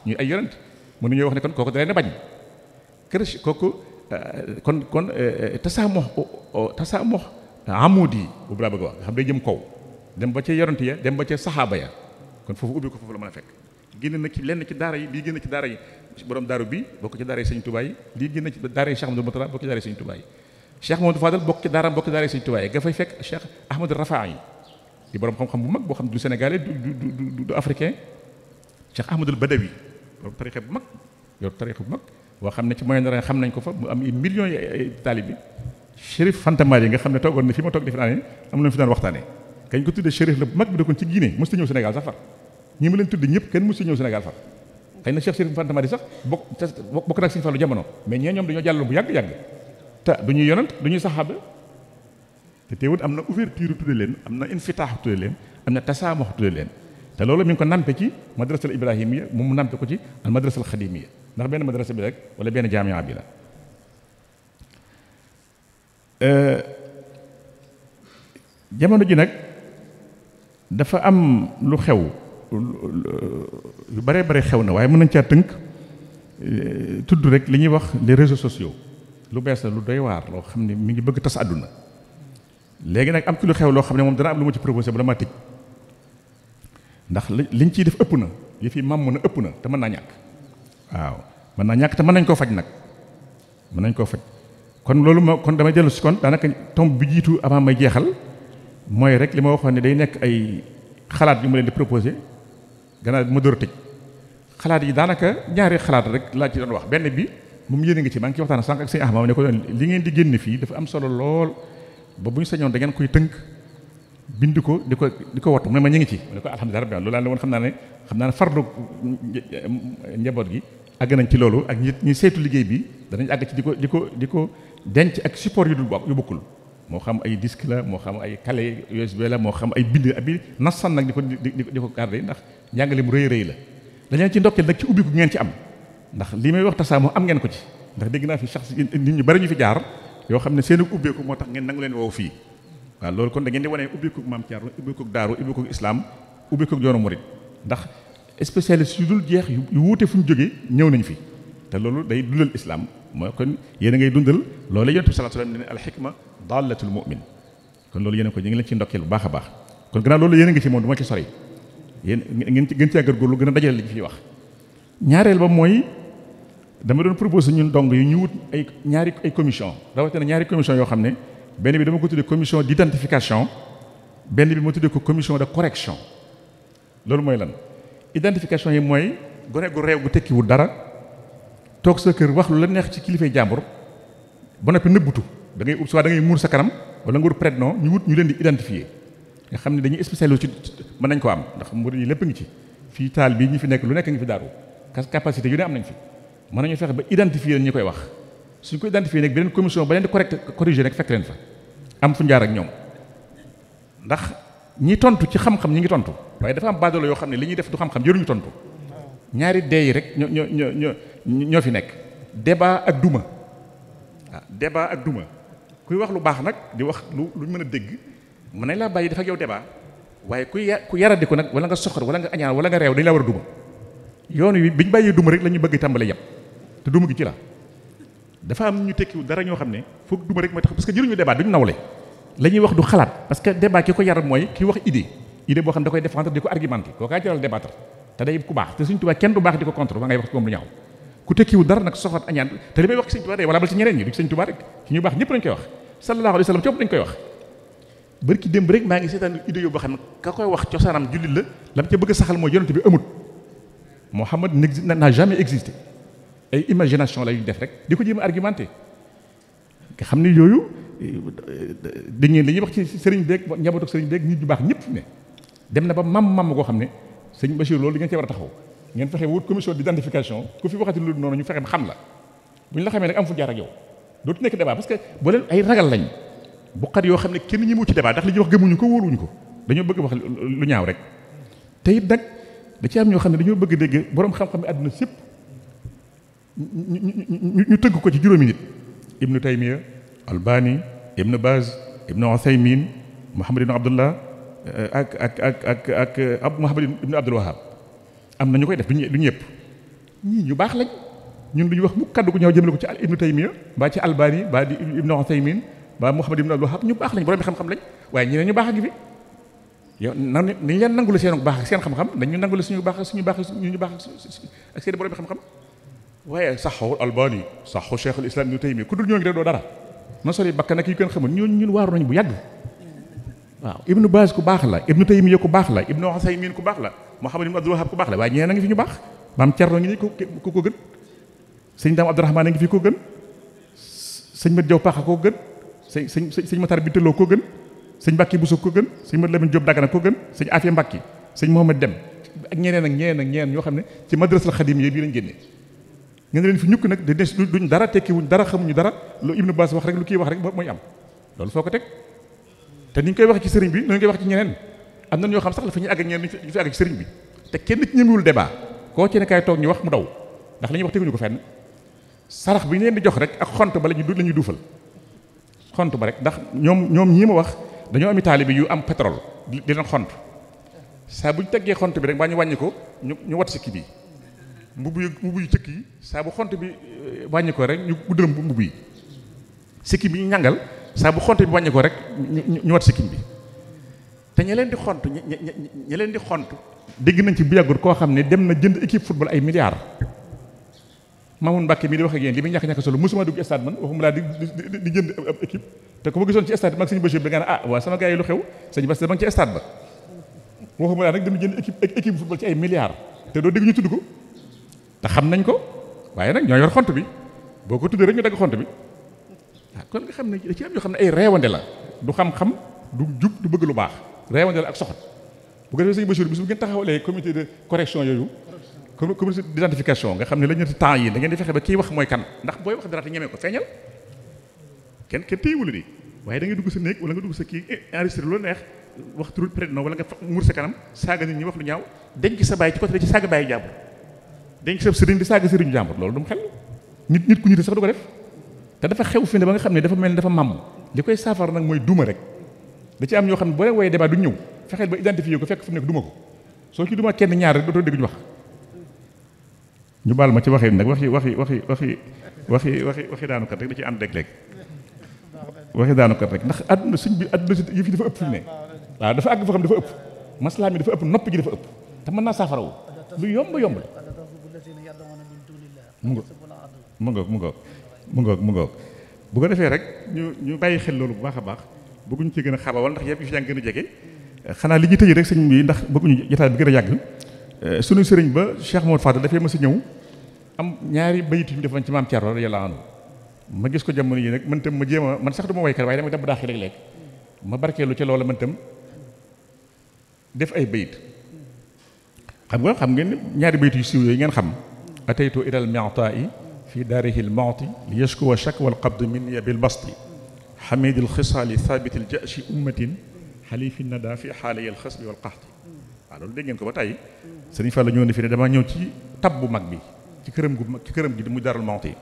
ñuy ay yonant mën nañoo wax ne kon kooku da leen a bañ kër kooku euh, kon kon euh, tasaamox tasaamox amuud yi boobu laa wax nga xam ne jëm kaw dem ba ca yonante ya dem ba ca saxaaba ya kon foofu ubbi ko foofu la mën a fekk génn na ci lenn ci daara yi lii génn ci daara yi borom daaru bi bokk ci daara yi Sëñ Tuubaa yi lii génn ci daara yi Cheikh Mouhamadou Cheikh Mamadou Fadal bokk ci daaraam bokk ci daara Sëriñ Tuubaa yi nga fay fekk Cheikh Ahmadou Rafaay di borom xam bu mag boo xam du sénégalais du du du africain Cheikh Ahmadou Badawi borom tarixa bu mag yor tarixa bu mag boo ci Moyen-Orient ko fa mu am i millions yi taalibe Chérif Fanta Mali ne toogoon na fi ma toog defe naa ne fi daan waxtaanee kañ ko bu mag bi dëkkoon ci Guinée mosut a ñëw Sénégal sax kenn mosut a ñëw Sénégal far xëy na Cheikh Chérif Fanta Mali sax jamono mais ñee dañoo jàlloon bu yàgg-yàgg te du ñu yonent du ñu saxaaba te teewut am na ouverture tudde leen am na infitaax tudde leen am na tasaamox tudde leen te loolu mi ngi ko nampe ci madrasal ibrahimiya moom mu nampe ko ci al madrasal xadimiya ndax benn madrasa bi rek wala benn jaamia bi la euh, jamono ji nag dafa am lu xew lu bare bare xew na waaye mën nañ caa tënk euh, tudd rek li ñuy wax les réseaux sociaux lu bees la lu doy waar loo xam ne mi ngi bëgg tas àdduna léegi nag am ci lu xew loo xam ne moom dana am lu ma ci proposé ba dama tëj ndax liñ ciy def ëpp na yëf yi maam mën a ëpp na te mën naa ñàkk waaw mën naa ñàkk mën nañ koo faj nag mën nañ koo faj kon loolu ma kon damay dellu si kon daanaka tomb bi jiitu avant may jeexal mooy rek li ma waxoon ne day nekk ay xalaat yu ma leen di proposé gannaaw bi ma door a tëj xalaat yi daanaka ñaari xalaat rek laaj ci doon wax benn bi moom yéene nga ci maa ngi ciy waxtaan sànq ak sëñ Ahmad ne ko li ngeen di génn fii dafa am solo lool ba bu ñu sañoon da ngeen koy tënk bind ko di ko di ko wattu mu ne ma ñu ngi ci ma ne ko alhamdulilah rabbil loolu laa la woon ne xam naa ne fardu gi àgg nañ ci loolu ak ñi ñi saytu liggéey bi danañ àgg ci di ko di ko di ko denc ak support yu dul yu bokkul moo xam ay disque la moo xam ay clé USB la moo xam ay bind abi nasan nag di ko di ko ko garder ndax njàngale mu rëy rëy la dañu ci ndokkeel nag ci ubbi ko ngeen ci am ndax lii may wax tasaamu am ngeen ko ci ndax dégg naa fi sax nit ñu bari ñu fi jaar yoo xam ne seen ubbeeku moo tax ngeen nangu leen woow fii waaw loolu kon da ngeen di wane ubbeeku maam Thierno ubbeeku daaru ubbeeku islam ubbeeku yoonu murid ndax spécialiste yu dul jeex yu wuute fu ñu jógee ñëw nañ fi te loolu day dundal islam mooy kon yéen a ngay dundal loolu la yonent bi sallallahu alayhi wa sallam ne al hikma dallatul mu'min kon loolu yéen ko ñu ngi leen ci ndokkeel bu baax a baax kon a ngi ci moom du ma ci sori yéen ngeen ci gën cee góorgóorlu gën a dajale li ñu fi wax ñaareel ba mooy dama doon proposé ñun dong yi ñu wut ay ñaari ay commission rawatina ñaari commission yoo xam ne benn bi dama ko tuddee commission d'identification benn bi ma tuddee ko commission de correction loolu mooy lan identification yi mooy gone gu réew bu tekkiwul dara toog sa kër wax lu la neex ci kilifay jàmbur ba noppi nëbbutu da ngay soit da ngay muur sa kanam wala nga wut prénom ñu wut ñu leen di identifier nga xam ne dañuy spécialisé ci mën nañ ko am ndax mbir yi lépp ngi ci fii taal bii ñu fi nekk lu nekk ngi fi daaru capacité yu ne am nañ fi mën nañu fexe ba identifier leen ñi koy wax suñu ko identifier nag beneen commission ba leen di ko corriger rek fekk leen fa am fu njaar ak ñoom ndax ñi tontu ci xam-xam ñi ngi tontu waaye dafa am baadoolo yoo xam ne li ñuy def du xam-xam jëruñu tontu ñaari rek ñoo ñoo ñoo ñoo fi nekk débat ak duma ah débat ak duma kuy wax lu baax nag di wax lu lu mën a dégg mën nañ laa bàyyi dafa ak yow débat waaye ku ya ku yaradi ko wala nga soxor wala nga añaan wala nga reew dañ war a duma yoon wi biñ bàyyee duma rek la ñu bëgg tàmbali yàpp te duma gi ci la dafa am ñu tekkiwu dara ñoo xam ne foog duma rek mooy tax parce que jëruñu duñu nawle la wax du xalaat parce que ki ko yaram mooy ki wax idée idée boo xam da koy défendre di ko argumenter kookaa jaral wa sallam copp dañ koy wax rek maa ngi seetaan idée yoo xam ne ka koy wax cosaanam jullit la lam ca bëgg a saxal mooy yonent bi amut Muhammad n'a jamais existé ay imagination la ñu def rek di ko jéem a argumenté nga xam ne yooyu dañuy dañuy wax ci sëriñ beeg njabootu sëriñ beeg nit ñu baax ñëpp ne dem na ba mam mam koo xam ne sëriñ Bachir loolu di ngeen ci war a taxaw ngeen fexe wut commission d'identification ku fi waxati loolu noonu ñu fexe xam la bu ñu la xamee nag am fu jaar ak yow dootu nekk débat parce que boo leen ay ragal lañ bu xat yoo xam ne kenn ñi mu ci débat ndax li ñuy wax gëmuñu ko wóoluñu ko dañoo bëgg wax lu ñaaw rek it nag da ñoo xam ne dañoo bëgg dégg borom xam-xam yi àdduna ñu tëgg ko ci juróomi nit ibnu taymiya albani ibnu baz ibnu uthaymin muhammad ibnu abdullah eh, ak ak ak ak ak ab muhammad ibnu abdul wahab am na ñu koy def duñu duñu yëpp ñii ñu baax lañ ñun duñu wax mu kaddu gu ñëw jëmale ko ci ibnu taymiya mbaa ci albani mbaa di ibnu uthaymin mbaa muhammad ibnu abdul wahab ñu baax lañ borom bi xam-xam lañ waaye ñeneen ñu baax a ngi fi yow na nañ leen nangul seen baax ak seen xam-xam nañ ñu nangul suñu baax ak suñu baax ak suñu baax ak seen borom bi xam-xam waaye saxawul albani saxu cheikhul islam ibnu taymiya ku dul ñoo ngi rek doo dara ma sori bakkan ak yu kenn xamul ñoo ñun waaru nañ bu yàgg waaw ibnu baas ku baax la ibnu taymiya ku baax la ibnu baax la muhammad ibnu ku baax la waaye ñeneen a ngi fi ñu baax maam cerno ngi ni ku ko gën sëñ daam abdourahman a ngi fi ko gën sëñ mat jaw paxa ko gën sëñ sëñ sëñ matar bintaloo ko gën sëñ mbàkki buso ko gën sëñ mat lamin jóob dagana ko gën sëñ afiya mbàkki sëñ mohammed dem ak ñeneen ak ñeneen ak ñeneen ñoo xam ne ci madrasal xadim yi bii lañ génnee ngeen leen fi ñukk nag di des duñ dara tekkiwuñ dara xamuñu dara lu Ibnu Baas wax rek lu kii wax rek mooy am loolu foo ko teg te ni ñu koy waxee ci sëriñ bi noonu ñu koy wax ci ñeneen am na ñoo xam sax la fi ñuy àgg ak ñeneen ñu fi bi te kenn ci ñemewul débat koo ci ne kaay toog ñu wax mu daw ndax li ñuy wax teguñu ko fenn sarax bi ñu leen di jox rek ak xont ba lañu la ñuy duufal xont ba rek ndax ñoom ñoom ñii ma wax dañoo ami taalibe yu am pétrole di leen xont saa bu ñu teggee xont bi rek baa ñu wàññi ko ñu ñu wat sikki bi mbubb yu mbubb yu cëkk yi saa bu bi wàññi ko rek ñu dërëm bu mbubb yi bi ñu ñangal saa bu xonte ko rek ñu wat sikkim bi te ña di xont ña leen di xont dégg nañ ci bu yàggul koo xam ne dem na jënd équipe football ay milliards Mamoun Mbacke mii di wax ak yéen li muy ñàkk ñàkk solo mosuma dugg stade man waxuma laa di di jënd ab équipe te ku ma gisoon ci stade bi mag sëñ Bachir bi nga ne ah waa sama gars lu xew sëñ Bass dama ci stade ba waxuma laa nag dem jënd équipe équipe football ci ay milliards ko te xam nañ ko waaye nag ñoo yor xont bi boo ko tuddee rek ñu dagg xont bi ah kon nga xam ne da ci am yoo xam ne ay la du xam-xam du jub du bëgg lu baax reewande la ak soxot bu ko defee sëñ Bachir bis bu ngeen taxawalee comité de correction nga xam ne la ñetti temps yi da ngeen di fexe ba kiy wax mooy kan ndax booy wax dara te ñemee ko feeñal kenn kenn téyewu la di waaye da ngay dugg sa néeg wala nga dugg sa kii eh, enregistré lu neex wax turul président wala nga muur sa kanam saaga wax lu ñaaw denc sa bàyyi ci côté ci saaga bàyyi jàpp denc sab sëriñ di saaga sëriñ jàmbur loolu du mu xel nit nit ku ñu sax du ko def te dafa xew fi ne ba nga xam ne dafa mel ni dafa màmm li koy saafara nag mooy duma rek da ci am ñoo xam ne boo leen wooyee débat du ñëw fexeel ba identifié ko fekk fu mu nekk duma ko soo ci duma kenn ñaar rek dootoo dégg ñu wax ñu baal ma ci waxee nag waxi waxi waxi waxi waxi waxi waxi daanukat rek da ci ànd léeg-léeg waxi daanukat rek ndax àdduna suñ bi àdduna si yëf yi dafa ëpp fi mu ne waaw dafa àgg foo xam dafa ëpp maslaa mi dafa ëpp nopp ji dafa ëpp te mën naa saafarawu lu yomb yomb la mu ngoog mu ngoog mu ngoog mu ngoog mu bu ko defee rek ñu ñu bàyyi xel loolu bu baax a baax bëgguñu ci gën a xaabawal ndax yëpp yu fi daan jege xanaa li ñu tëjee rek sëñ bi ndax bëgguñu jotaay bi a yàgg eh, sunu sëriñ ba Cheikh Mouhamed Fadal dafay mës a ñëw am ñaari bayit yu ñu defoon ci maam Thierno yàlla anu ma gis ko jamono yi nag man tam ma jéem a man sax du ma waykat waaye dama dem daaxi léeg-léeg ma barkeelu ci loola man tam def ay bayit xam nga xam ngeen ñaari bayit yu siiw yooyu ngeen xam ataytu ila almiataai fi daarihi lmoti li yashkuwa shakwa alqabdi minni bilbasti xamidi alxisaali thabiti aljashi ummatin xalifi nada fi xaalayi alxasbi walqaxti waaw loolu de ngeen ko ba tey sëriñ Fall fa ñëw ne fi ne damaa ñëw ci tab bu mag bi ci këram gu ci këram gi mu daarul mawti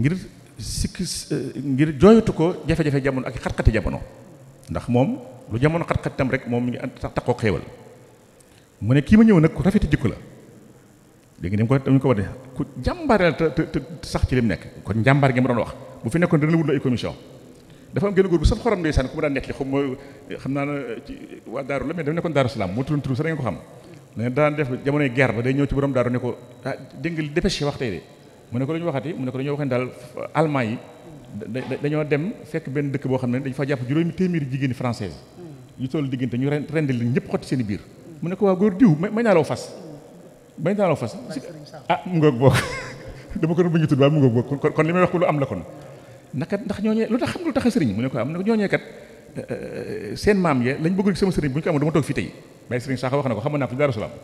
ngir sikk euh, ngir jooyatu ko jafe-jafe jamono ak xat-xati jamono ndax moom lu jamono xat-xat tam rek moom mi ngi tax tax koo mu ne kii ma ñëw nag ku rafeti jikk la léegi dañ ko dañ ko wate ku jàmbaareel wax bu fi ko xam ko ah, wax tey de ko dañu ko dem fekk benn dëkk boo xam ne dañ fa jàpp juróomi téeméeri jigéeni française yu toll diggante ñu rendal ñëpp xotti seen biir mu ne ko waa góor diw ma ñaalaw fas bañ taalaw fas ah a tudd waaye mu ngoog bokk kon kon li may wax ko am la kon naka ndax ñooñee lu tax xam lu mu ne ko am na ñooñee kat eh, eh, eh, seen maam ya lañ bëgg sama sëriñ bu ñu ko amoon dama toog fii tey bàyyi sëriñ sax wax na ko xamoon naa ko Daaru Salaam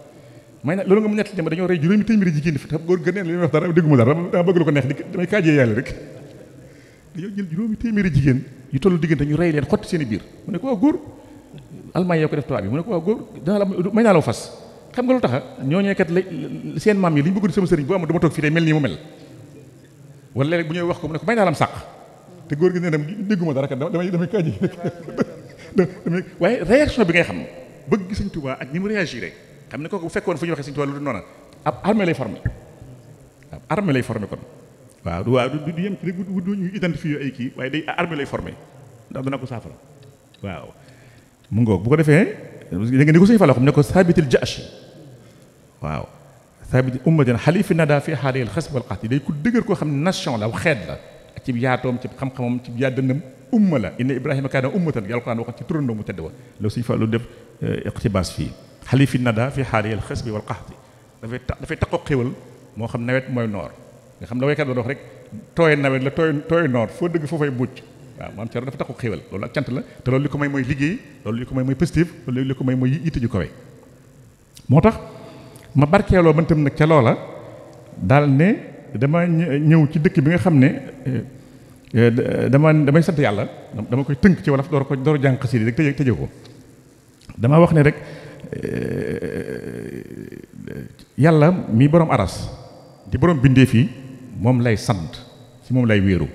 may na loolu nga mu ñett dama dañoo jigéen fi xam li may wax di damay kaajee yàlla rek dañoo jël juróomi téeméeri jigéen yu tollu diggante ñu rey leen xotti seen i biir mu ne ko waaw góor almaay yow ko def tubaab mu ne ko waaw góor dana la may naa law fas xam nga lu tax ñooñee kat la seen maam yi li ñu bëggoon sama sëriñ bu am dama toog fii tey mel nii mu mel wala léeg bu ñëwee wax ko mu ne ko may naa lam sàq te góor gi ne dem dégguma dara kat damay damay kàjji waaye réaction bi ngay xam bëgg sëñ Tuubaa ak ni mu réagir xam ne kooku bu fekkoon fu ñu waxee sëñ Tuubaa lu du noona ab armée lay formé ab armée lay formé kon waaw du du yem ci rek du ñu identifier ay kii waaye day armée lay formé ndax dana ko saafara léegi ni ko sëñ Fallu xam ne ko saabitil jaashi waaw saabit ummatin fi xaali al xasb wal qat yi day ku dëgër koo xam ne nation la aw xeet la ak ci yaatoom ci xam-xamam ci yàddandam umma la inna ibrahima kaana ummatan yàlquran waxoon ci turandoo mu tedd wa la sëñ Fallu def eh, iqtibaas fii xalifi nada fi xaali al xasbi wal qat dafay dafay taqo xéwal moo xam nawet mooy noor nga xam la waykat ba dox rek tooye nawet la tooy tooye noor foo dëgg foofay bucc waaw maam Thierno dafa taxu xéewal loolu ak cant la te loolu li ko may mooy liggéey loolu li ko may mooy positif loolu li ko may mooy yitte ju moo tax ma barkeeloo man tam nag ca ne dama ñëw ci dëkk bi nga xam ne eh, eh, dama damay sant yàlla dama koy tënk ci wolof door ko door jàng xasida rek tëje tëje ko dama wax ne rek eh, yàlla mi borom aras di borom bindee fii moom lay sant ci moom lay wéeru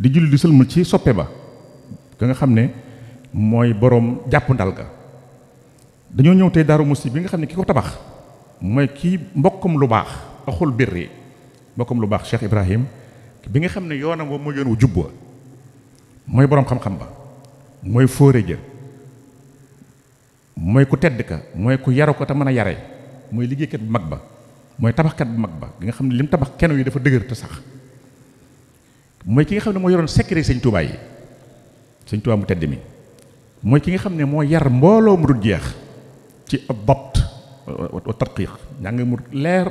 di julli di sëlmal ci soppe ba ka nga xam ne mooy boroom jàpp ndal ga dañoo ñëw tey Daaru Musti bi nga xam ne ki ko tabax mooy kii mbokkam lu baax axul birri mbokkam lu baax Cheikh Ibrahim bi nga xam ne yoonam wa mooy yoon wu jub wa mooy boroom xam-xam ba mooy fóore ja mooy ku tedd ka mooy ku yaru ko te mën a yare mooy liggéeykat bu mag ba mooy tabaxkat bu mag ba nga xam ne lim tabax kenn yi dafa dëgër te sax mooy ki nga xam ne moo yoroon secret sañ Tuubaa yi sëñ Tuubaa mu tedd mi mooy ki nga xam ne moo yar mbooloo mu dul jeex ci ab bopp wa tatqiq njàng mu leer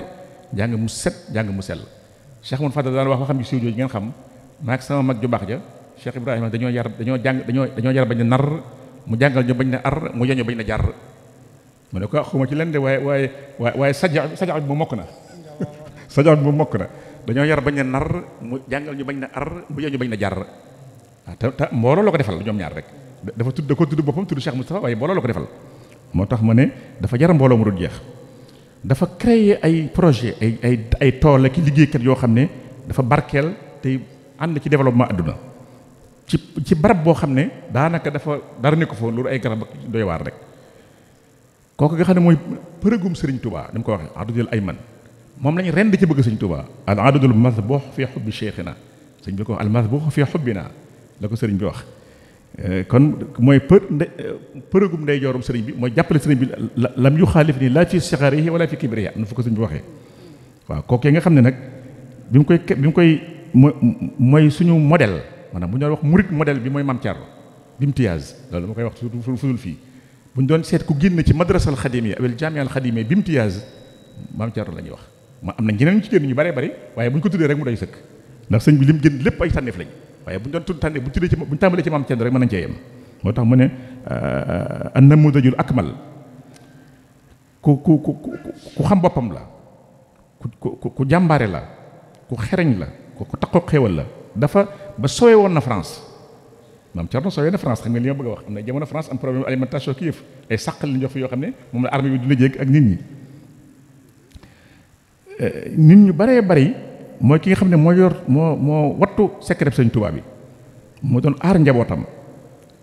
njàng mu set njàng mu sel sell Cheikh Mohamed Fadal daan wax waxam ji siiw jooju ngeen xam ak sama mag ju baax ja Cheikh Ibrahima dañoo yar dañoo jàng dañoo dañoo yar bañ na nar mu jàngal ñu bañ na ar mu yoñu bañ na jar mu ne ko xuma ci len de waaye waaye waaye saja saja bi mu mokk na saja bi mu mokk na dañoo yar bañ na nar mu jàngal ñu bañ na ar mu yar ñu bañ na jar ah, te te mbooloo la ko defal ñoom ñaar rek dafa tudd da ko tudd boppam tudd Cheikh Moustapha waaye mbooloo la ko defal moo tax ma ne dafa jar mbooloo mu dul jeex dafa créer ay projet ay ay ay tool ak liggéeykat yoo xam ne dafa barkeel te ànd ci développement adduna ci ci barab boo xam ne daanaka dafa dara ne ko foofu loolu ay garab doy waar rek kooku nga xam ne mooy përëgum Serigne Touba ni mu ko waxee adudel ay man moom lañu ren ci bëgg sëñ Tuubaa al adadul masbux fi xubbi cheikhina sëñ bi ko wax al masbux fi xubbina la ko sëriñ bi wax eh, kon mooy për përëgum ndey joorum sëriñ bi mooy jàppale sëriñ bi la lam yu xaalif nii laa fi saxarihi wala fi kibrihi am na fu ko sëriñ bi waxee waaw kooku nga xam ne nag bi mu koy bi mu koy mooy suñu modèle maanaam bu ñu wax murit model bi mooy Mame Thiarno bimtiyaaz loolu ma koy wax surtout fudul fii bu ñu doon seet ku génn ci madrasal xadimiya awel jaamial xadimiya bimtiyaaz Mame Thiarno la ñuy wax ma am na ñeneen ci génn ñu bare bëri waaye bu ñu ko tuddee rek mu doy sëkk ndax sëñ bi lim génn lépp ay tànneef lañ waaye bu ñu doon tudd tànneef bu ñu tuddee ci ci yem moo tax mu ne euh, an namudajul akmal ku ku ku ku xam boppam la ku ku ku jàmbaare la ku xereñ la ku ku taqoo xéewal la dafa ba sowe woon na France maam Cerno sowe na France xam nga li ma bëgg a wax am na jamono France am problème alimentation ki yëf ay sàqal li jox fi yoo xam ne moom la armée bi dina ak nit ñi Euh, nit ñu baree bari mooy ki nga xam ne moo yor moo moo wattu secret sëñ tubaab yi moo doon aar njabootam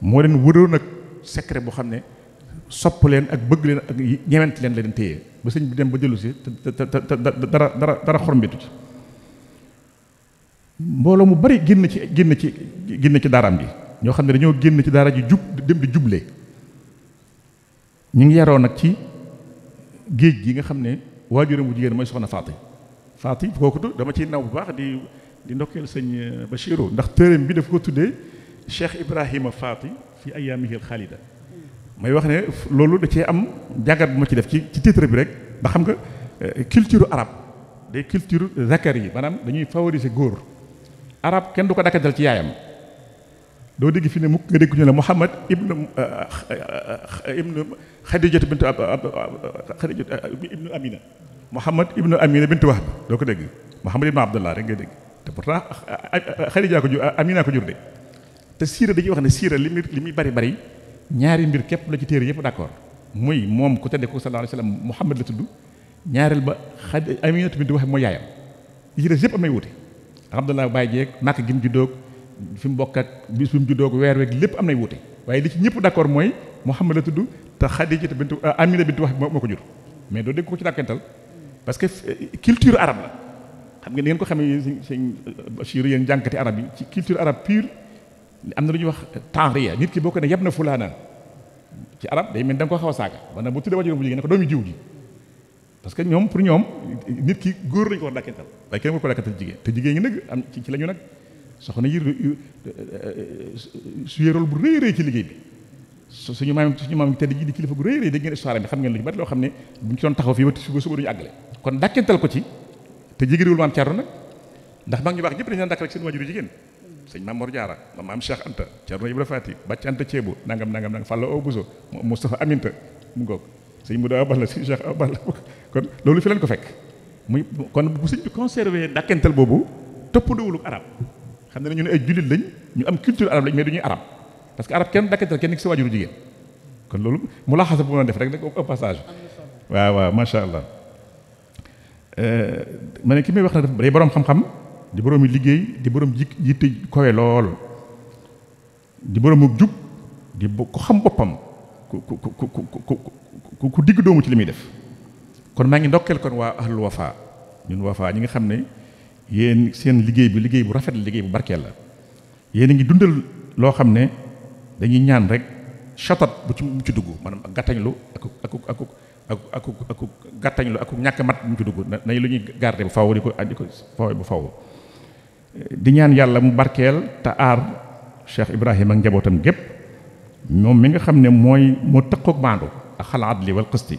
moo leen wëroon ak secret boo xam ne sopp leen ak bëgg leen ak ñewent leen la leen téye ba sëñ bi dem ba dellu si te te te dara mbooloo mu bari génn ci génn ci génn ci daaraam bi ñoo xam ne dañoo génn ci daara ji jub dem di juble ñu ngi yaroo nag ci géej gi nga xam ne waajuram bu jigéen mooy soxna Faati Faati kooku dama ciy naw bu baax di di ndokkeel sëñ euh, Bachirou ndax téereem bi daf ko tuddee Cheikh Ibrahima Faati fi ayaamihil xaalida may wax ne loolu da cee am jàngat bu ma ci def ci ci titre bi rek ndax xam nga euh, culture arab day culture zakari yi maanaam dañuy favoriser góor arabe kenn du ko dakkatal ci yaayam. doo dégg fi ne mukk nga dégg ñu ne Muhammad ibnu euh, euh, euh, ibnu Xadijat bintu ab Xadijat ibnu Amina Muhammad ibnu Amina bintu Wahb doo ko dégg Muhammad ibnu Abdullah rek ngay dégg te pourtant Xadija ko jur Amina ko jur de te siira dañuy wax ne siira li muy li muy bari bari ñaari mbir képp la ci téere yëpp d'accord muy moom ku tedde ko sallallahu alayhi wa sallam Muhammad ñaareel ba Xadi Aminatu bintu Wahb mooy yaayam yi ci des yëpp am nay Abdullah baay jeeg màkk gi mu juddoo fi mu bokk ak bis bi mu juddoo ko weer weeg lépp am nay wuute waaye li ci ñëpp d'accord mooy Muhammad la tudd te Xadija bintu euh, Amina moo ko jur mais doo dégg ko ci dàkkantal parce que euh, culture arabe la xam nga ni ngeen ko xamee seen seen euh, Bachir yéen jànkati yi ci culture arabe pure am na lu ñuy wax tanriya nit ki boo ko ne yab na fulaana ci arab day mel da nga ko xaw a saaga maanaam bu tuddee waajur bu jigéen ne ko doomi jiw ji que ñoom pour ñoom nit ki góor lañu ko war a dàkkantal waaye kenn war ko dàkkantal jigéen te jigéen ñi nag am ci la ñu nag soxna yi su yéerool bu rëy rëy ci liggéey bi suñu maam suñu maam tedd ji di kilifa gu rëy rëy dégg ngeen histoire bi xam ngeen lu ci bari loo xam ne buñ ci doon taxaw fii ba suba kon dàkkental ko ci te jigéenwul maam Thierno nag ndax mag ñu baax ñëpp dañu daan dàkk rek seen waajur jigéen sëñ maam Mor Diarra maam Cheikh Anta Thierno Ibra Fati Bàcc Anta Ceebo nangam nangam nangam Fallou Obuso Moustapha Aminta mu ngoog sëñ Mouda Aballa sëñ Cheikh Aballa kon loolu fi leen ko fekk mu kon bu sëñ bi conservé boobu topp dawuluk arab xam ne ñu ne ay jullit lañ ñu am culture arabe lañ mais duñuy arab parce que arab kenn dakkatal kenn ki sa waajuru jigéen kon loolu mu laxasa bu mën a def rek nag au passage waaw waaw macha allah euh, ma ne ki may wax na def day boroom xam-xam di boroomi liggéey di borom ji yitte kowe lool di boroomu jub di ku xam boppam ku ku ku ku ku digg doomu ci li muy def kon maa ngi ndokkeel kon waa ahlul wafa ñun wafa ñu ngi xam ne yéen seen liggéey bi liggéey bu rafet la liggéey bu barkeel la yéen a ngi dundal loo xam ne dañuy ñaan rek chatat bu ci bu ci dugg maanaam ak gàttañlu ak aku aku ak aku aku gàttañlu ak ñàkk mat bu mu ci dugg nañ lu ñuy garder bu faw di ko di ko fawe bu faw di ñaan yàlla mu barkeel te aar Cheikh Ibrahima ak njabootam gépp moom mi nga xam ne mooy moo tëqoog maandu ak xalaat li wal xisti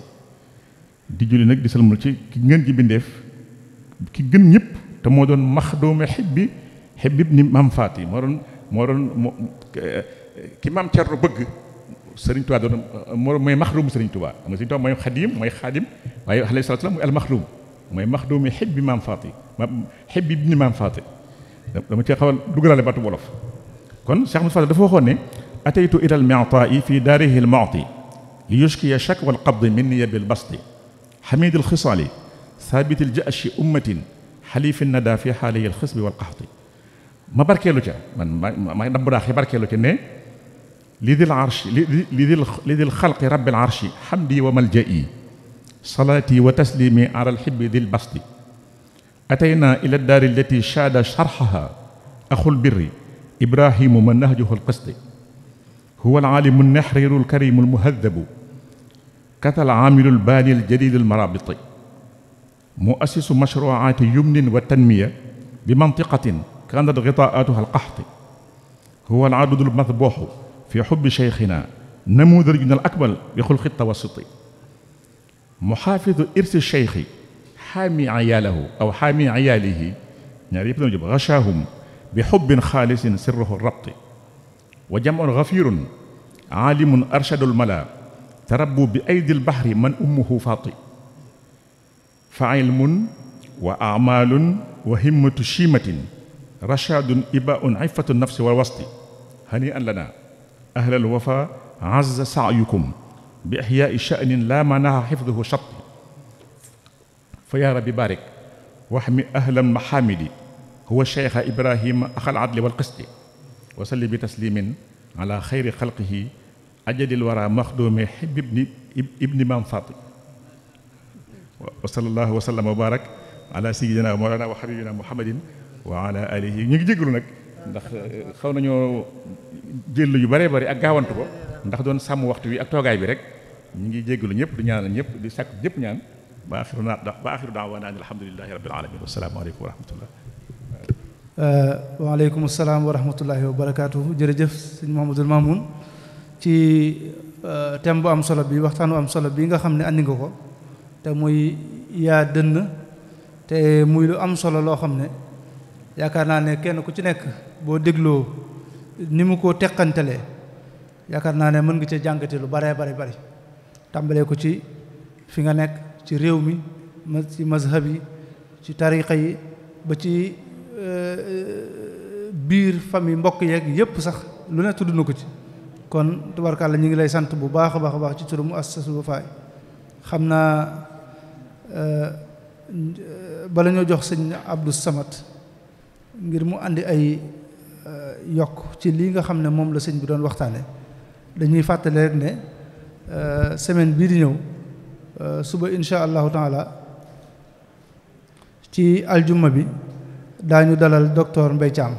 di julli nag di salmul ci ki ngeen ji bindeef ki gën ñëpp te moo doon maxduume xibbi xibib ni maam faati moo doon moo doon ki maam Cerno bëgg sëriñ Tuubaa doon moo mooy maxduum sëriñ Tuubaa xam nga sëriñ Tuubaa mooy xadim mooy xaadim waaye alayhi salaatu salaam mooy al maxduum mooy maxduume xibbi maam faati xibib ni maam faati dama cee xaw a dugalale baatu wolof kon Cheikh Moussa dafa waxoon ne ataytu ila almitai fi daarihi almaati li yushkiya shakwa alqabdi minni bil basti xamid alxisaali thabit aljashi ummatin xalifi nada fi xaaliyi alxisbi wal qaxti ma barkeelu ca man ma ma dabb daax yi barkeelu ca ne li dil arshi li dil xalqi rabbil arshi xamdi wa malja'i salaati wa taslimi ala alxibbi dil basti atayna ila daari allati shaada sharxaha axul birri ibrahimu man nahjuhu alqisti huwa alaalimu alnahriru alkarimu almuhadabu kata alaamilu albaali aljadid almarabiti مؤسس مشروعات يمن وتنمية بمنطقة كانت غطاءاتها القحط هو العدد المذبوح في حب شيخنا نموذجنا الأكمل بخلق التوسطي محافظ إرث الشيخ حامي عياله أو حامي عياله يعني ابن نجيب غشاهم بحب خالص سره الربط وجمع غفير عالم أرشد الملا تربوا بأيدي البحر من أمه فاطئ fa ilmun wa amalun wa himmatu chimatin rachadun ibaun ifatu nafsi wal wasti hani an lana ahlal wafa azza saayukum bi ihyaai chanin la manaha xifduhu chat fa yaa rabbi barik waxmi ahlan mahamidi huwa cheikha ibrahima axal adli wal qisti wa salli bi taslimin ala xayri xalqihi ajadil wara maxduumi xib ibni ibni maam fati wa sallallahu wa sallam wa barak ala sayyidina mawlana wa habibina muhammadin wa ala alihi ñu ngi jégalu nag ndax eh, xaw nañoo jël yu bëree bëri ak gaawantu ko ndax doon sàmm waxtu wi ak toogaay bi rek ñu ngi jégalu ñëpp di ñaanal ñëpp di sàkk ñëpp ñaan ba axiru naa ba axiru daawaana an alhamdulilahi rabbil alamin wasalaamu aleykum wa rahmatullah eh, waaleykum salaam wa rahmatullahi wa barakaatuhu jërëjëf sëñ Mouhamadul Mamoun ci eh, thème bu am solo bi waxtaan bu am solo bi nga xam ne andi nga ko te muy yaa dënn te muy lu am solo loo xam ne yaakaar naa ne kenn ku ci nekk boo dégloo ni mu ko teqantelee yaakaar naa ne mën nga cee jàngate lu baree bari bari tàmbalee ko ci fi nga nekk ci réew mi ma ci mazhab yi ci tariqa yi ba ci euh, biir famille mbokk yeeg yépp sax lu ne tudd na ko ci kon tubarkàlla ñu ngi lay sant bu baax a baax baax ci turu mu assasul Wafa xam naa bala ñoo jox sëñ Abdou Samad ngir mu àndi ay yokk ci lii nga xam ne moom la sëñ bi doon waxtaane dañuy fàttale rek ne semaine bii di ñëw suba insha allahu taala ci aljuma bi daañu dalal docteur Mbaye Thiam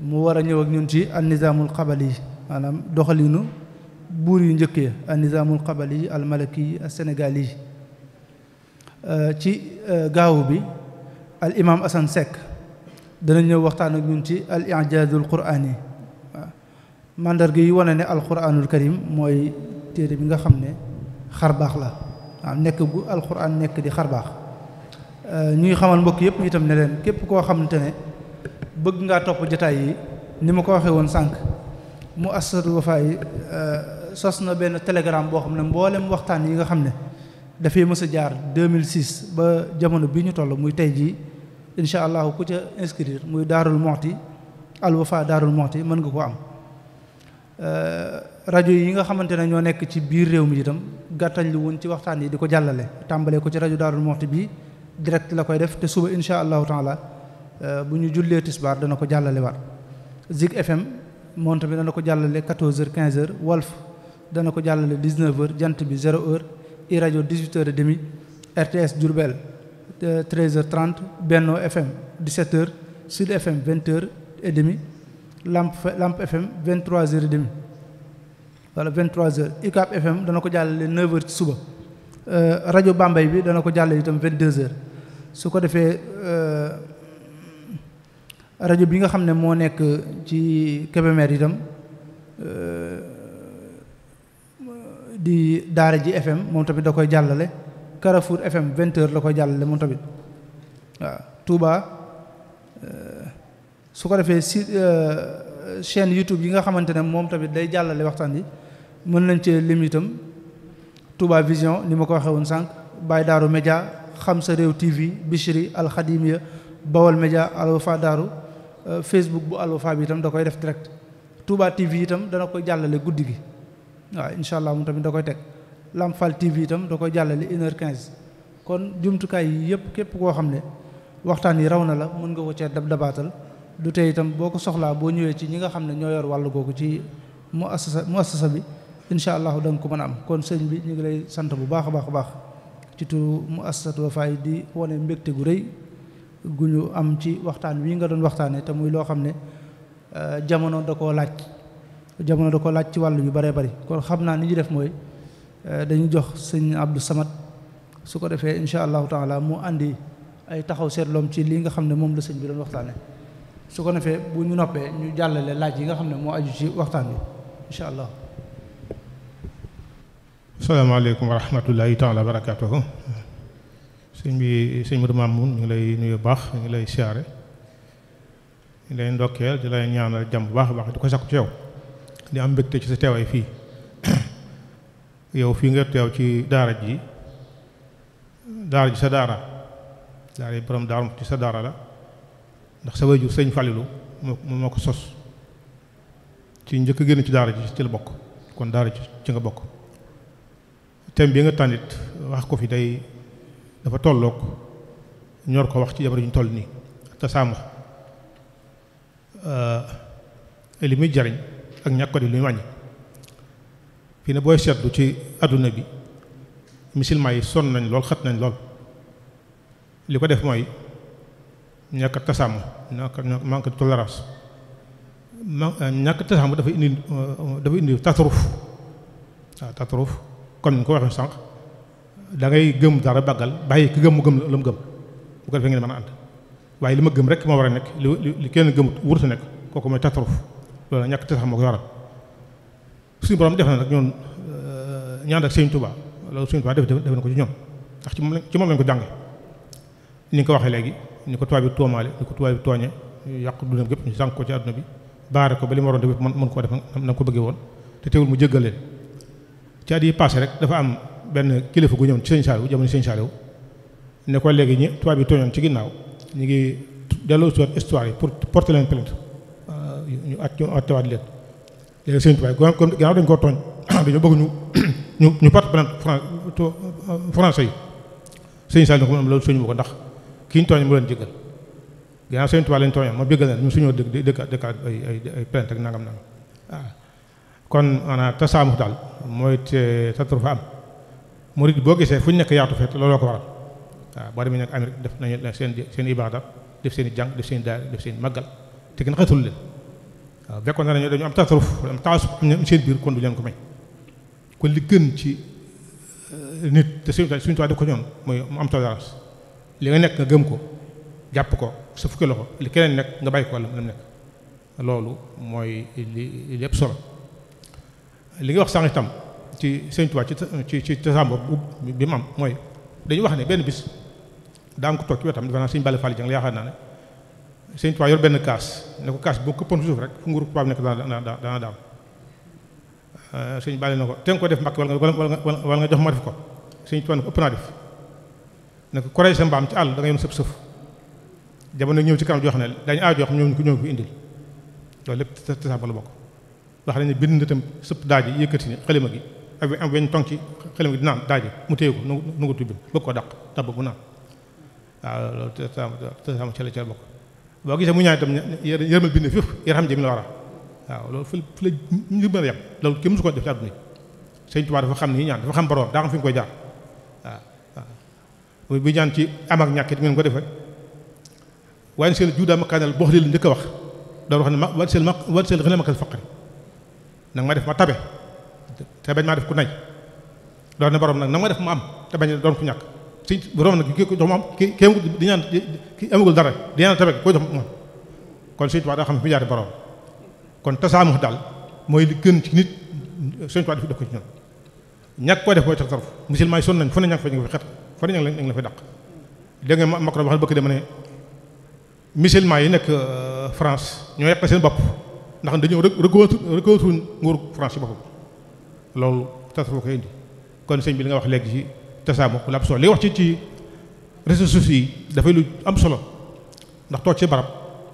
mu war a ñëw ak ñun ci annizaamul xabal yi maanaam doxaliinu buur yu njëkk ya annizaamul xabal yi almalaki yi ak sénégal yi Euh, ci euh, gaawu bi al imaam Assane Seck dana ñëw waxtaan ak ñun ci al i'jaazul qur'aani waaw mandarga yi wane ne al qur'aanul karim mooy téere bi nga xam ne xar baax la nekk bu al qur'aan nekk di xar baax euh, ñuy xamal mbokk yëpp itam ne leen képp koo xamante ne bëgg ngaa topp jataay yi ni ma ko waxee woon sànq mu assatul Wafa yi sos na benn télégramme boo xam ne mboolem waxtaan yi nga xam ne. dafay mës a jaar 2006 ba jamono bi ñu toll muy tey jii incha allahu ku ca inscrire muy daarul moxti al wafa daarul moxti mën nga ko am euh, rajo yi nga xamante ne ñoo nekk ci biir réew mi itam gàttañ li woon ci waxtaan yi di ko jàllale tàmbalee ko ci rajo daarul moxti bi direct la koy def te suba incha allahu taala euh, bu ñu jullee tisbaar dana ko jàllale waat Zik FM moom tamit dana ko jàllale 14h 15h Walf dana ko jàllale 19h jant bi 0h. i rajo 18h30 RTS Diourbel 13h30 Benno FM 17h Sud FM 20h30 Lamp Lamp FM 23h30 wala 23h UCAB FM dana ko jàllale 9h ci suba euh, rajo bambay bi dana ko jàllale itam 22h su ko defee euh, rajo bi nga xam ne moo nekk ci Kébémer itam. Euh, di daara ji FM moom tamit da koy jàllale Carrefour FM 20 la koy jàllale moom tamit waaw Touba euh, su ko defee si euh, chaîne YouTube yi nga xamante ne moom tamit day jàllale waxtaan yi mën nañ cee lim itam Touba Vision ni ma ko waxee woon sànq Baye Darou Média xam sa réew TV Bichri Al Khadimiya Bawal Média Al Wafa Darou euh, Facebook bu Al Wafa bi itam da koy def direct Touba TV itam dana koy jàllale guddi gi. waaw incha allah moom tamit da koy teg Lamp Fall TV itam da koy jàllale une heure quinze kon jumtukaay yi yëpp képp koo xam ne waxtaan yi raw na la mën nga ko cee dab dabaatal du tey itam boo ko soxlaa boo ñëwee ci ñi nga xam ne ñoo yor wàllu googu ci mu assasa mu assasa bi incha allahu da ko mën a am kon sëñ bi ñu ngi lay sant bu baax a baax a baax ci turu mu assasat Wafa yi di wane mbégte gu rëy gu ñu am ci waxtaan wi nga doon waxtaanee te muy loo xam ne euh, jamono da koo laaj. jamono da ko laaj ci wàll bi baree bari kon xam naa ni ñu def mooy eh, dañu jox sëñ Abdou Samad su ko defee incha allahu taala mu andi ay taxaw seetloom ci lii nga xam ne moom la sëñ bi doon waxtaane su ko defee bu ñu noppee ñu jàllale laaj yi nga xam ne moo aju ci waxtaan bi incha allah. salaamaaleykum wa rahmatullahi taala wa barakaatuhu sëñ bi sëñ Modou Mamoun ñu ngi lay nuyu baax ñu ngi lay siyaare ñu ngi lay ndokkeel di lay ñaanal jàmm bu baax a baax di ko sakku ci yow. di am mbégte ci sa teewaay fii yow fii nga teew ci daara ji daara ji sa daara daara yi borom daara ci sa daara la ndax sa wayjur sëñ Falilu moom moo ko sos ci njëkk génn ci daara ji ci la bokk kon daara ji ci nga bokk thème bi nga tànnit wax ko fi day dafa tolloo ko ñor ko wax ci jamono ñu toll nii te saamu euh, li jariñ ak ñàkk ko di lu ñu wàññi fii ne booy seetlu ci àdduna bi musulman yi sonn nañ lool xat nañ lool li ko def mooy ñàkk tasaamu ñàkk manque de tolérance euh, ñàkk tasaamu dafa indi euh, euh, dafa indi tataruf waaw tataruf comme ni ko waxee sànq da ngay gëm dara bàggal bàyyi ki gëm mu gëm la mu gëm bu ko defee ngeen mën a ànd waaye li ma gëm rek moo war a nekk li li kenn gëmut wurtu nekk kooku mooy tataruf loolu ñàkk te sax moo ko waral suñu borom def na nag ñoom euh, ñaan ak Sëriñ Tuubaa loolu Sëriñ Tuubaa def def na ko ci ñoom ndax ci moom lañ ci moom lañ ko jànge ni ko waxee léegi ni ko tubaab bi toomaale ni ko tubaab bi tooñe yàq dundam gépp ñu sànq ko ci bi baare ko ba li mu waroon mën koo def na ko bëggee woon te teewul mu jéggal leen ci at yi passé rek dafa am benn kilifa ku ñëw ci Sëriñ Saliou jamono Sëriñ Saliou ne ko léegi ñi tubaab bi tooñoon ci ginnaaw ñu ngi delloo histoire yi pour porter leen plainte ñu at ñu attewaat leen léegi sëñ Tuubaa comme gannaaw dañu koo tooñ dañoo bëgg ñu ñu ñu porte euh, plainte français yi sëñ Saliou ko am loolu suñu ma ko ndax kii ñu tooñ mu leen jéggal gannaaw sëñ Tuubaa lañ tooñoon ma jéggal leen ñu suñoo dëkk dëkk dëkk ay ay plainte ak nangam nangam waaw ah. kon ana tasaamu daal mooy boo gisee fu ñu nekk yaatu fet looloo ko waral waaw ah, boo demee nag Amérique def nañu seen seen def seen i jàng def seen i daal def seen i màggal te kenn xatul leen waaw fekkoon na dañu am tasaruf am taasub am seen biir kon du leen ko may kon li gën ci euh, nit te suñu suñu toit def ko ñoom mooy mu am tolérance li nga nekk nga gëm ko jàpp ko sa fukki loxo li keneen nekk nga bàyyi ko loolu mooy li lépp solo li nga wax sànq tam ci sëñ Tuubaa ci ci ci tasaam boobu bi mu am mooy dañu wax ne benn bis daa am ko toog ci wetam dafa naa sëñ Balla Fall jàng yaakaar naa ne sëñ Tuubaa yor benn kaas ne ko kaas boo këppoon suuf rek fu nguuru tubaab nekk daana daal euh, sëñ bàyyi na ko te nga ko def mbàkk wala nga wala nga jox ma def ko sëñ Tuubaa ne ko ëpp naa def ne ko koree sa mbaam ci àll da nga yoon sëf jamono ñëw ci kanam joo xam ne dañu aajoo xam ñoom ko ñoom ko indil bokk wax nañu ne bind tam sëpp daaji yëkkati ne xalima gi ak am weñ tong ci xalima gi di mu téye ko nu nu bëgg koo dàq tab bu naan waaw loolu tasaaba ca la ca bokk boo gisee mu ñaan itam yërmal bind fépp yarham jami la war a waaw loolu fu fu la ngir mën a yem loolu kenn mësu ko def ci àdduna Sëñ Tuubaa dafa xam ni ñaan dafa xam borom daa xam fi nga koy jaar waaw bu ñaan ci am ak ñàkk it ngeen ko defe waaye seen juudaa makaanal boo xam njëkk a wax doon wax ne ma wàllu seen ma wàllu seen xëy na ma kër faqri nag ma def ma tabe te bañ maa def ku nay doon ne borom nag nag ma def ma am te bañ doon ku ñàkk. sëñ borom nag ki ko jox moom ki di ñaan ki amagul dara di ñaan tabe ko jox moom kon sëñ Tuubaa daa xam ne daal mooy li gën ci nit sëñ Tuubaa def ko ci ñoom ñàkk koo def mooy tax tarf musulman yi sonn nañ fu ne ñàkk fa ñu nga fi xet fu ne ñàkk la fi dàq dégg nga Macron wax na bëgg dama ne musulman yi nekk euh, France ñoo yàq seen bopp ndax dañoo reconnaître reconnaître nguur France ci boppam loolu tasaamu ko indi kon sëñ bi li nga wax léegi ci tasaamu lu am solo li wax ci ci réseaux sociaux yi dafay lu am solo ndax toog ci barab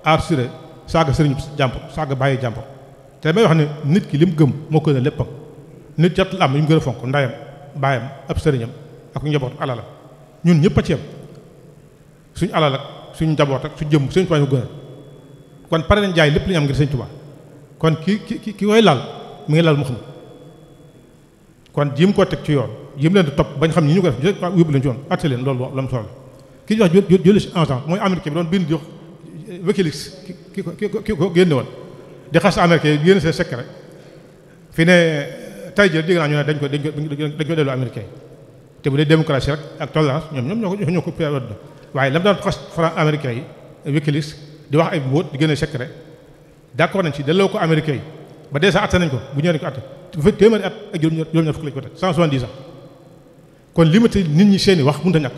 aar sire saaga sëriñ jàmbur saaga bàyyi jàmbur te damay wax ne nit ki li mu gëm moo ko gën a léppam nit jot la am yu mu gën a fonk ndayam bàyyam ab sëriñam ak njabootam alalam ñun ñëpp a ci yem suñu njaboot ak su jëmm suñu tubaab ñu gën a kon pare nañ jaay lépp li ñu am ngir sëñ Tuubaa kon ki ki ki koy laal mu ngi laal mu xam kon jéem koo teg ci yoon. yëm leen di topp bañ xam ñi ñu ko def yóbbu leen ci yoon atte loolu la mu soxla ki mooy américain bi doon bind jox euh, Wikileaks ki ki ko génne ne euh, tey ko dañ ko dañ ko delloo américain te bu dee démocratie rek waaye lam daan xas franc américain yi Wikileaks di wax ay mbóot di génne secret d'accord nañ ci delloo ko américain yi ba dee sax atte nañ ko bu ñëwee nañ ko atte bu fekk téeméeri at ak juróom-ñaar fukk lañ ko teg 170 ans kon limité nit ñi seeni wax mënut a ñàkk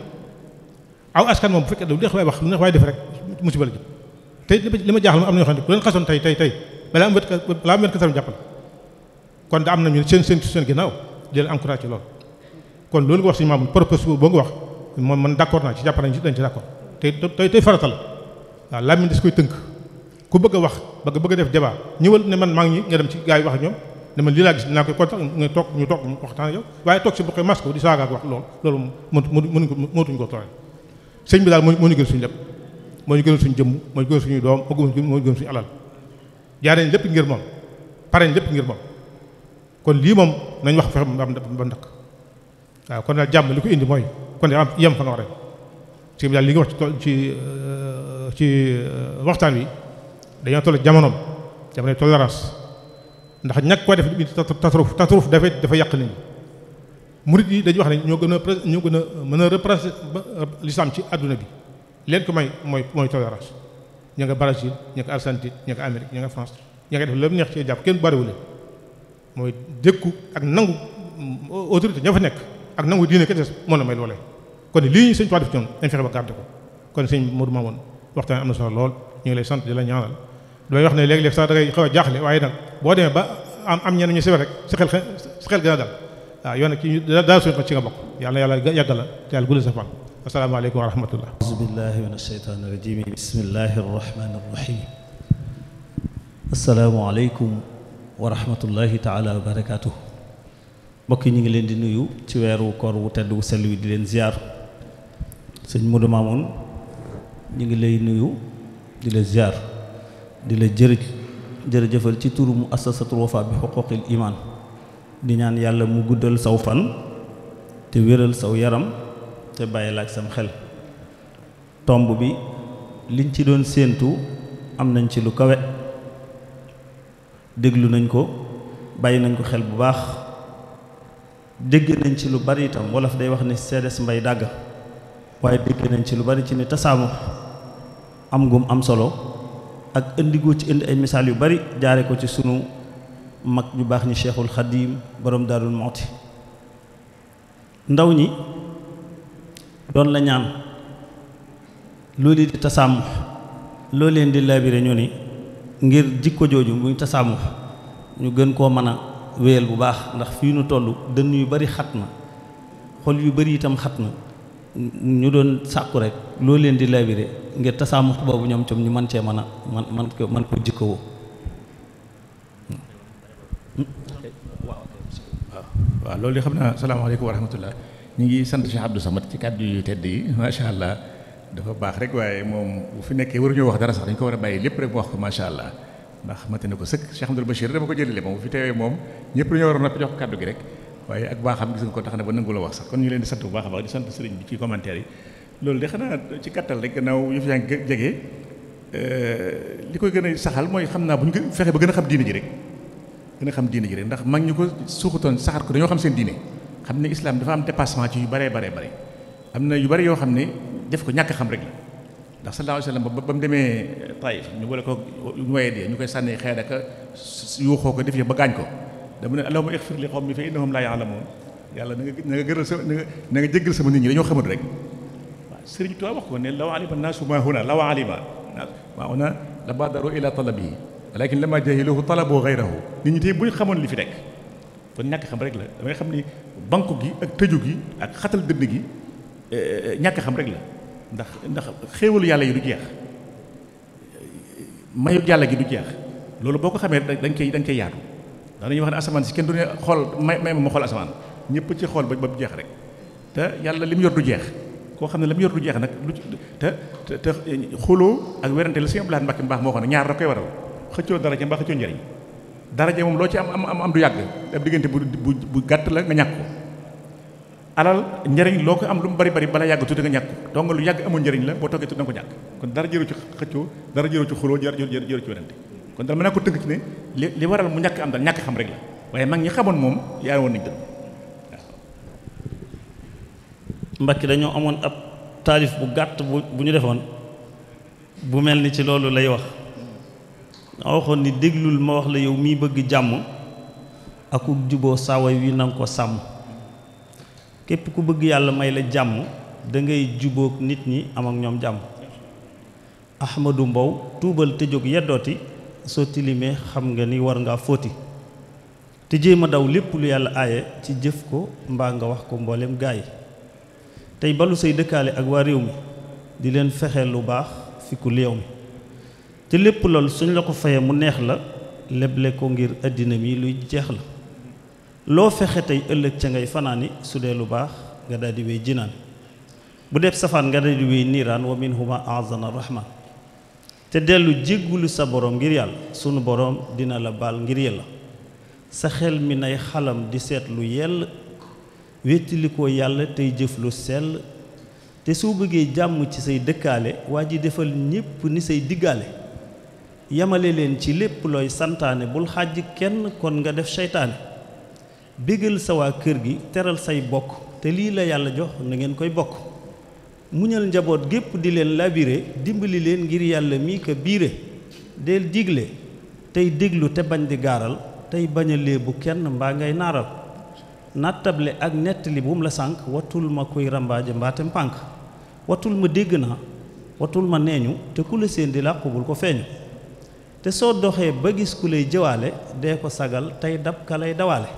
aw askan moom bu fekkee lu neex waay wax lu neex waay def rek musiba la jëm li ma jaaxal moom am na ñoo xam ne bu leen xasoon tey tey tey balaa am wet balaa am wet ka sam kon da am nañu seen seen seen ginnaaw di leen encouragé ci loolu kon loolu nga wax suñu maam propos boo nga wax moom man d'accord naa ci jàpp nañ ci dañ ci d'accord tey tey tey farata la waaw làmmiñ des koy tënk ku bëgg a wax bëgg bëgg a def débat ñëwal ne man maa ngi nga dem ci gaa yi wax ak dama lii laa gis dinaa koy kontaan nga toog ñu toog waxtaan ak yow waaye toog si bokkee mas ko di saaga ak wax loolu loolu mënuñ ko mënutuñ ko tooñ sëñ bi daal moo ñu gën suñu lépp moo ñu gën suñu jëmm moo ñu gën suñu doom moo ñu gën suñu alal jaareen lépp ngir moom pareen lépp ngir moom kon lii moom nañ wax fexe ba ndakk waaw kon daal jàmm li ko indi mooy kon daa yem fa nga war a sëñ bi daal li nga wax ci ci euh, euh, waxtaan wi dañoo toll jamonoom jamono tolérance ndax ñàkk koo def tasaruf tasaruf dafa dafa yàq nit ñi murit yi dañuy wax ne ñoo gën a ñoo gën a mën a représenter l'islam ci àdduna bi leen ko may mooy mooy tolérance ña nga Brésil ña nga Argentine ña nga Amérique ña nga France ña nga def lu neex ci jàpp kenn bariwul mooy dékku ak nangu autorité ñoo fa nekk ak nangu diine kese moo la may loolee kon lii ñu sëñ Tuubaa def ci ñoom dañ fexe ba garder ko kon sëñ Modou Mamoun waxtaan am na solo lool ñu ngi sant di la ñaanal damay wax ne léegi-léeg sax da ngay xaw a waaye nag boo demee ba am am ñu si rek si xel si xel gën a dal ki yow nag ci suñu ko ci nga bokk yàlla yàlla yàggal la te yàlla guddal sa fan asalaamaaleykum wa rahmatullah auzu billahi min asheytaan irajim bismillahi arrahmani arrahim wa rahmatullahi mbokk ñu ngi leen di nuyu ci weeru koor wu tedd wu sell wi di leen ziar sëñ Modou Mamoun ñu ngi lay nuyu di la ziar di la jërëj jërëjëfal ci turu mu assasatul wafa bi xuquqil imaan di ñaan yàlla mu guddal saw fan te wéral saw yaram te bàyyi laaj sam xel tomb bi liñ ci doon séentu am nañ ci lu kawe déglu nañ ko bàyyi nañ ko xel bu baax dégg nañ ci lu bari itam wolof day wax ni seedes mbay dàgg waaye dégg nañ ci lu bari ci ni tasaamu am gum am solo ak indigoo ci indi ay misaal yu bari jaare ko ci sunu mag ñu baax ñi cheikhul xadim borom daarul mooti ndaw ñi doon la ñaan loolu di tasaamu loo leen di labiré ñu ni ngir jikko jooju muy tasaamu ñu gën koo mën a wéyal bu baax ndax fii nu toll dënn yu bari xat na xol yu bari itam xat na ñu doon sàkku rek loolu leen di labiré ngir tasaamuq boobu ñoom tam ñu man cee man a man man ko man ko jikkowoo waaw loolu di xam naa salaamaaleykum wa rahmatullah ñu ngi sant Cheikh Abdou Samad ci kàddu yu tedd yi macha allah dafa baax rek waaye moom bu fi nekkee waruñoo wax dara sax dañ ko war a bàyyi lépp rek mu wax ko macha allah ndax mate na ko sëkk Cheikh Abdoul Bachir dama ko jëlale moom bu fi teewee moom ñëpp dañoo war a noppi jox kàddu gi rek waaye ak baaxam gis nga ko tax na ba nangu la wax sax kon ñu leen di sant bu baax a baax di sant sëriñ bi ci commentaire yi loolu de xanaa ci gàttal rek gannaaw yëf yaa ngi jege eh, li koy gën a saxal mooy xam naa bu ñu fexe ba gën a xam diine ji rek gën a xam diine ji rek ndax mag ñu ko suuxatoon saxaat ko dañoo xam seen diine xam ne islam dafa am dépassement ci yu baree baree bare am na yu bari yoo xam ne def ko ñàkk xam rek la ndax sallallahu alayhi wasallam ba ba mu demee Taïf ñu boole ko ñu wayee dee ñu koy sànnee xeer ak yuuxoo ko def ba gaañ ko dama ne allahumma ixfir li qawmi fa innahum laa yàlla na nga na nga gëral na nga jéggal sama nit ñi dañoo xamul rek waaw sëriñ Tuubaa wax ko ne law alima naasu maa huna law alima maa huna la baadaru ila talabihi walakin lama jahiluhu talabu gayrahu nit ñi xamoon li fi nekk kon ñàkk xam rek la damay xam ni banque gi ak tëju gi ak xatal dënn gi eh, eh, eh, ñàkk xam rek la ndax ndax xéewalu yàlla yi du jeex mayu yàlla gi du jeex loolu boo ko xamee da nga cay da cay yaatu dañuy wax ne asamaan si kenn du ne xool may may ma ma xool asamaan ñëpp ci xool ba ba jeex rek te yàlla li mu yor du jeex koo xam ne li mu yor du jeex nag lu te te xuloo ak werante la Sëñ Abdou Lahad Mbacké moo xam ne ñaar da koy waral xëccoo daraja mbaa xëccoo njëriñ daraja moom loo ci am am am du yàgg ab diggante bu bu bu gàtt la nga ñàkk ko alal njëriñ loo ko am lu mu bari bari bala yàgg tuuti nga ñàkk donc lu yàgg amul njëriñ la boo toogee tuuti da nga ko ñàkk kon dara jëru ci xëccoo dara jëru ci xuloo dara jëru ci werante kon daal mën naa ko tënk ci ne li li waral mu ñàkk am daal ñàkk xam rek la waaye mag ñi xamoon moom yaa woon nañ dëgg dañoo amoon ab taalif bu gàtt bu ñu defoon bu mel ni ci loolu lay wax nga waxoon ni déglul ma wax la yow miy bëgg jàmm akuk juboo saway wi na ko sàmm képp ku bëgg yàlla may la jàmm dangay jubook nit ñi am ak ñoom jàmm ahmadu mbow tuubal te jóg yeddooti soo tilimee xam nga ni war ngaa fóoti te jéem a daw lépp lu yàlla aaye ci jëf ko mbaa nga wax ko mboolem gaay tey balu say dëkkaale ak waa réew mi di leen fexe lu baax fi ku léew mi te lépp lool suñ la ko fayee mu neex la leble ko ngir àddina mi luy jeex la loo fexe tey ëllëg ca ngay fanaani su dee lu baax nga daldi wéy jinaan bu def safaan nga daldi wéy niiraan wa minhuma azana rahman te dellu jéggulu sa borom ngir yàlla sunu borom dina la baal ngir yàlla sa xel mi nay xalam di seet lu yell wettili yàlla tey jëf lu sell te soo bëggee jàmm ci say dëkkaale waa ji defal ñépp ni say diggaale yamale leen ci lépp looy santaane bul xàjj kenn kon nga def seytaane bégal sa waa kër gi teral say bokk te lii la yàlla jox na ngeen koy bokk muñal njaboot gépp di leen labire dimbali leen ngir yàlla mii ko biire del digle tey déglu te bañ di gaaral tey bañ a léebu kenn mbaa ngay naaral nattable ak nettali bu la sànq watul ma kuy rambaaje mbaate mpànk watul ma dégg na watul ma neeñu te ku la seen di làqu ko feeñu te soo doxee ba gis ku lay jëwaale dee ko sagal tey dab ka lay dawaale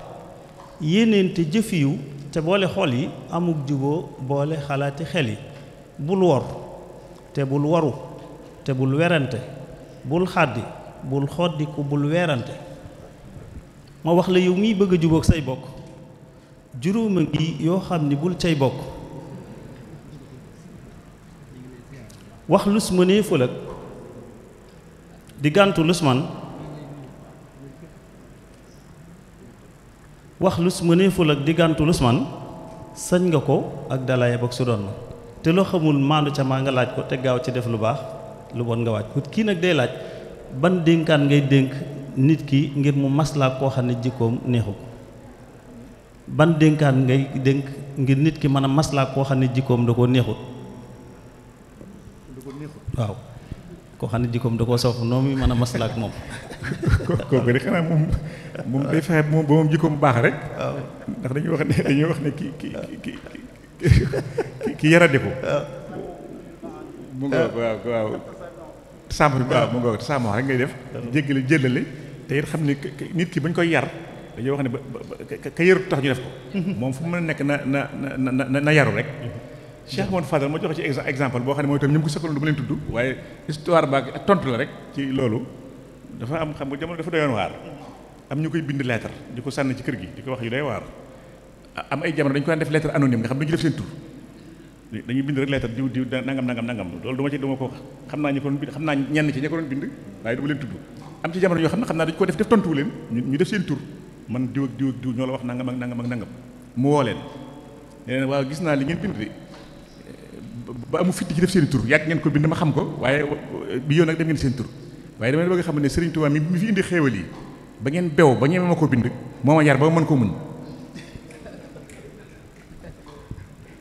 yéeneen te jëfiyu te boole xool yi amuk juboo boole xalaati xel yi bul wor te bul waru te bul werante bul xàddi bul xoddiku bul werante ma wax la yow miy bëgg a jubóog say bokk juróoma ngi yoo xam ni bul cay bokk wax lus ma nee fëlëg di gàntu lus ma nee fëlëg di gàntu lus sañ nga ko ak dalaaya bokk su doon te loo xamul maandu ca maa nga laaj ko te gaaw ci def lu baax lu bon nga waaj ko kii nag day laaj ban dénkaan ngay dénk nit ki ngir mu maslaa koo xam ne jikkoom neexu ko ban dénkaan ngay dénk ngir nit ki mën a maslaa koo xam ne jikkoom da koo neexut waaw koo xam ne jikkoom da koo sof noo muy mën a maslaak moom kooku de xanaa moom moom day fexe moom ba moom jikkoom baax rek ndax dañuy wax ne dañuy wax ne ki ki ki yaradi ko. mu ngoog waaw waaw. sàmm waaw mu ngoog sàmm rek ngay def. jéggale jëllale te it xam ni ne nit ki bañ koy yar dañoo wax ne ba ba ka yarut tax ñu def ko. moom fu mu mën a nekk na na na na yaru rek. Cheikh Mouhamadou Fadal ma jox ci exemple boo xam ne mooy itam ñu ngi ko sëkkaloon du ma leen tudd waaye histoire ba ak tontu la rek ci loolu dafa am xam nga jamono dafa doyoon waar am ñu koy bind lettre di ko sànni ci kër gi di ko wax yu day waar. am ay jamono dañu ko daan def lettre anonyme nga xam duñu def seen tur dañuy bind rek lettre diw diw nangam nangam nangam loolu duma ci duma ko xam naa ñi ko doon bind xam naa ñenn ci ñi ko doon bind waaye duma leen am ci jamono yoo xam ne xam naa dañu ko def def tontuwu leen ñu def seen tur man diw ak diw ak diw ñoo la wax nangam ak nangam ak nangam mu woo leen ne leen gis naa li ngeen bind de ba amu fitti ci def seen tur yàgg ngeen ko bind ma xam ko waaye bi yow nag def ngeen seen tur waaye dama bëgg xam ne Serigne Touba mi mi fi indi xéewal yi ba ngeen bew ba ko bind moo ma yar ba mën ko muñ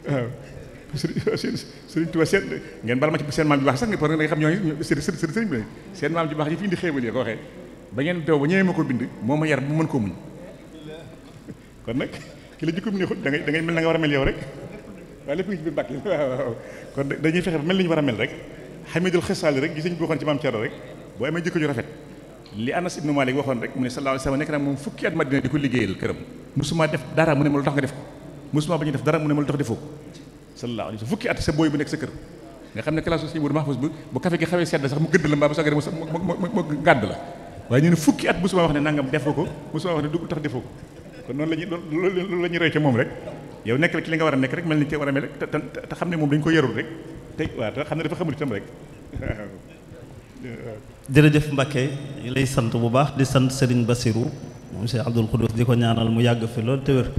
waaw sëriñ sëriñ Tuubaa seen ngeen bal ma ci seen maam ji baax sax nga xam ñooñu sëriñ sëriñ bi lañ seen maam ji baax yi fi indi xéewal yi ko waxee ba ngeen teew ba ñëwee ma ko bind moo ma yar bu mën koo muñ kon nag ki la jikkoom neexut da ngay da ngay mel na nga war a mel yow rek waaw lépp ngi ci biir mbàkk yi waaw li ñu war a mel rek xamidul xasaali rek gis nañ bokkoon ci maam Cerno rek boo amee jikko ju rafet li na ibnu Malik waxoon rek mu ne sallallahu alayhi wa sallam nekk na moom fukki at Madina di ko liggéeyal këram ma def dara mu ne ma lu tax nga def ko mosuma ba ñu def dara mu ne ma lu tax defoo sallallahu alayhi fukki at sa booy bu nekk sa kër nga xam ne classe suñu Modou Mahfouz bi bu café gi xawee sedd sax mu gëdd la mbaa bu sàggaree mu gàdd la waaye ñu ne fukki at mosuma wax ne nangam defoo ko mosuma wax ne du tax defoo ko kon noonu la ñuy loolu la ca moom rek yow nekk rek ci li nga war a nekk rek mel ni ci war a mel rek te xam ne moom dañ ko yarul rek tey waaw te xam ne dafa xamul itam rek jërëjëf Mbacke lay sant bu baax di sant Serigne Bassirou monsieur Abdoul Khoudous di ko ñaanal mu yàgg fi loolu te wér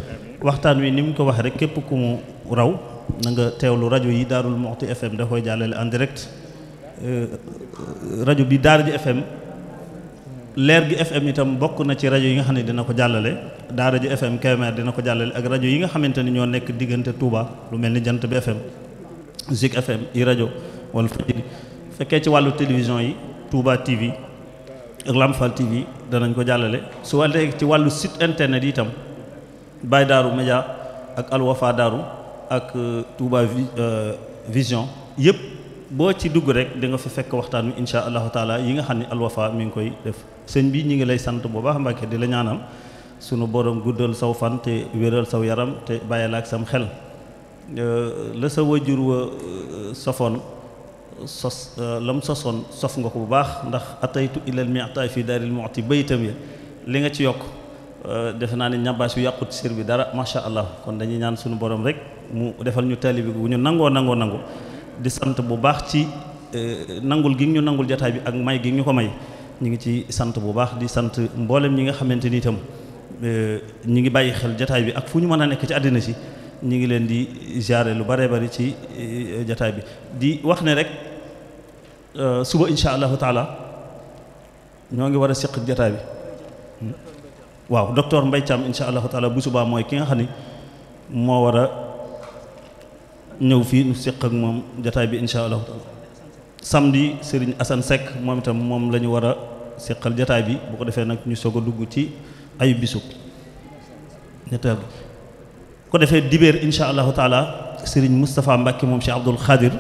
waxtaan wi ni mu ko waxee rek képp ku mu raw na nga teewlu rajo yi Daarul Muxti FM da koy jàllale en direct rajo bi Daara ji FM leer gi FM itam bokk na ci rajo yi nga xam ne dina ko jàllale Daara ji FM Kébémer dina ko jàllale ak rajo yi nga xamante ni ñoo nekk diggante Touba lu mel ni Jant bi FM Zik FM i rajo wala fekkee ci wàllu télévision yi Touba TV. ak Lamfal TV danañ ko jàllale su ci wàllu sit internet yi itam Baye Darou Média ak Alwafa Darou ak euh, Touba euh, Vision yëpp boo ci dugg rek di fi fekk waxtaan wi insha allahu taala yi nga xam ne Alwafa mi ngi koy def sëñ bi ñu ngi lay sant bu baax Mbàkke di la ñaanal sunu boroom guddal saw fan te wéral saw yaram te bàyyi la ak sam xel euh, la sa wajur wa safoon sos euh, lam sosoon sof nga ko bu baax ndax ataytu ilal mi'taay fi daaril mu'ti baytam ya li nga ci yokk euh, defe naa ne ñabaas yu yàqut sir bi dara macha allah kon dañuy ñaan suñu borom rek mu defal ñu taalibe gu ñu nangoo nangoo nangu di sant bu baax ci euh, nangul gi ñu nangul jataay bi ak may gi ñu ko may ñu ngi ci sant bu baax di sant mboolem ñi nga xamante ni itam ñu ngi bàyyi xel jataay bi ak fu ñu mën a nekk ci àddina si ñu ngi leen di jaare lu bare bari ci eh, jataay bi di wax ne rek eh, suba insha allahu taala ñoo ngi war a seq jataay bi waaw docteur Mbaye Thiam insha allahu taala bu subaa mooy ki nga xam ni moo war a ñëw fii nu seq ak moom jataay bi insha allahu taala samedi Serigne Assane Seck moom itam moom lañu ñu war a seqal jataay bi bu ko defee nag ñu soog a dugg ci ayu bisu jataay bi ko defee dibéer insha allahu taala sëriñ Moustapha Mbacke moom Cheikh Abdoul Khadir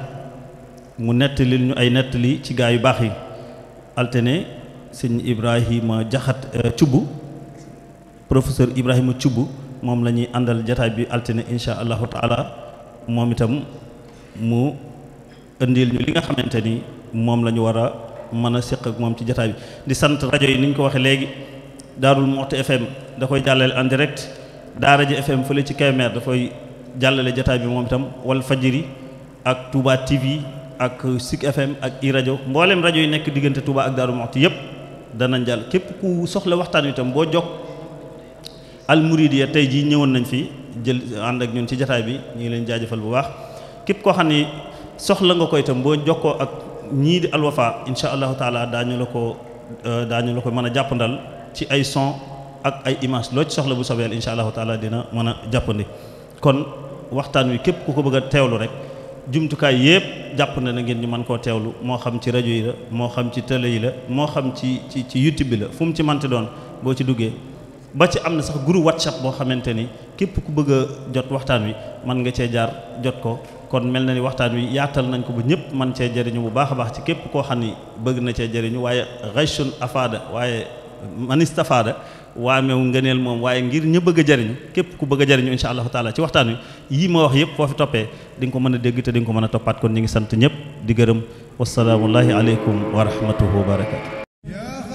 mu nettali ñu ay nettali ci gaa yu baax yi altene sëñ Ibrahima Jaxat Cubb euh, professeur Ibrahima Cubb moom la ñuy àndal jataay bi altene insha allahu taala moom itam mu indil ñu li nga xamante ni moom la ñu war a mën a séq ak moom ci jataay bi di sant rajo yi ni ñu ko waxee léegi Daarul Muxti FM da koy jàllale en daa ji fm fële ci Kébémer dafay jàllale jataay bi moom itam wal fajiri ak Touba TV ak Sik FM ak i rajo mboolem rajo yi nekk diggante tubaa ak Daaru Muxti yëpp danañ jàll képp ku soxla waxtaan wi itam boo jokk al muridiya tey jii ñëwoon nañ fi jël ànd ak ñun ci jataay bi ñu ngi leen jaajëfal bu baax képp koo xam ne soxla nga koy itam boo jokkoo ak ñii di Al Wafa insha allahu taala daañu la ko euh, daañu la ko mën a jàppandal ci ay son ak ay image loo soxla bu soobee incha allahu taala dina mën a jàppandi kon waxtaan wi képp ku ko bëgg a teewlu rek jumtukaay yëpp jàpp na na ngeen ñu man koo teewlu moo xam ci rajo yi la moo xam ci télé yi la moo xam ci ci ci YouTube bi la fu ci mënti doon boo ci duggee ba ci am na sax groupe WhatsApp boo xamante ni képp ku bëgg a jot waxtaan wi mën nga cee jaar jot ko kon mel na ni waxtaan wi yaatal nañ ko bu ñëpp mën cee jëriñu bu baax a baax ci képp koo xam ni bëgg na cee jëriñu waaye rachun afaada waamew ngëneel moom waaye ngir ñu bëgg a jariñu képp ku bëgg a jariñu insha allahu taala ci waxtaan wi yii ma wax yëpp foo toppee di ko mën a dégg te di nga ko mën a toppaat kon ñu ngi sant ñëpp di gërëm wasalaamullahi aleykum wa rahmatuhu wa barakatu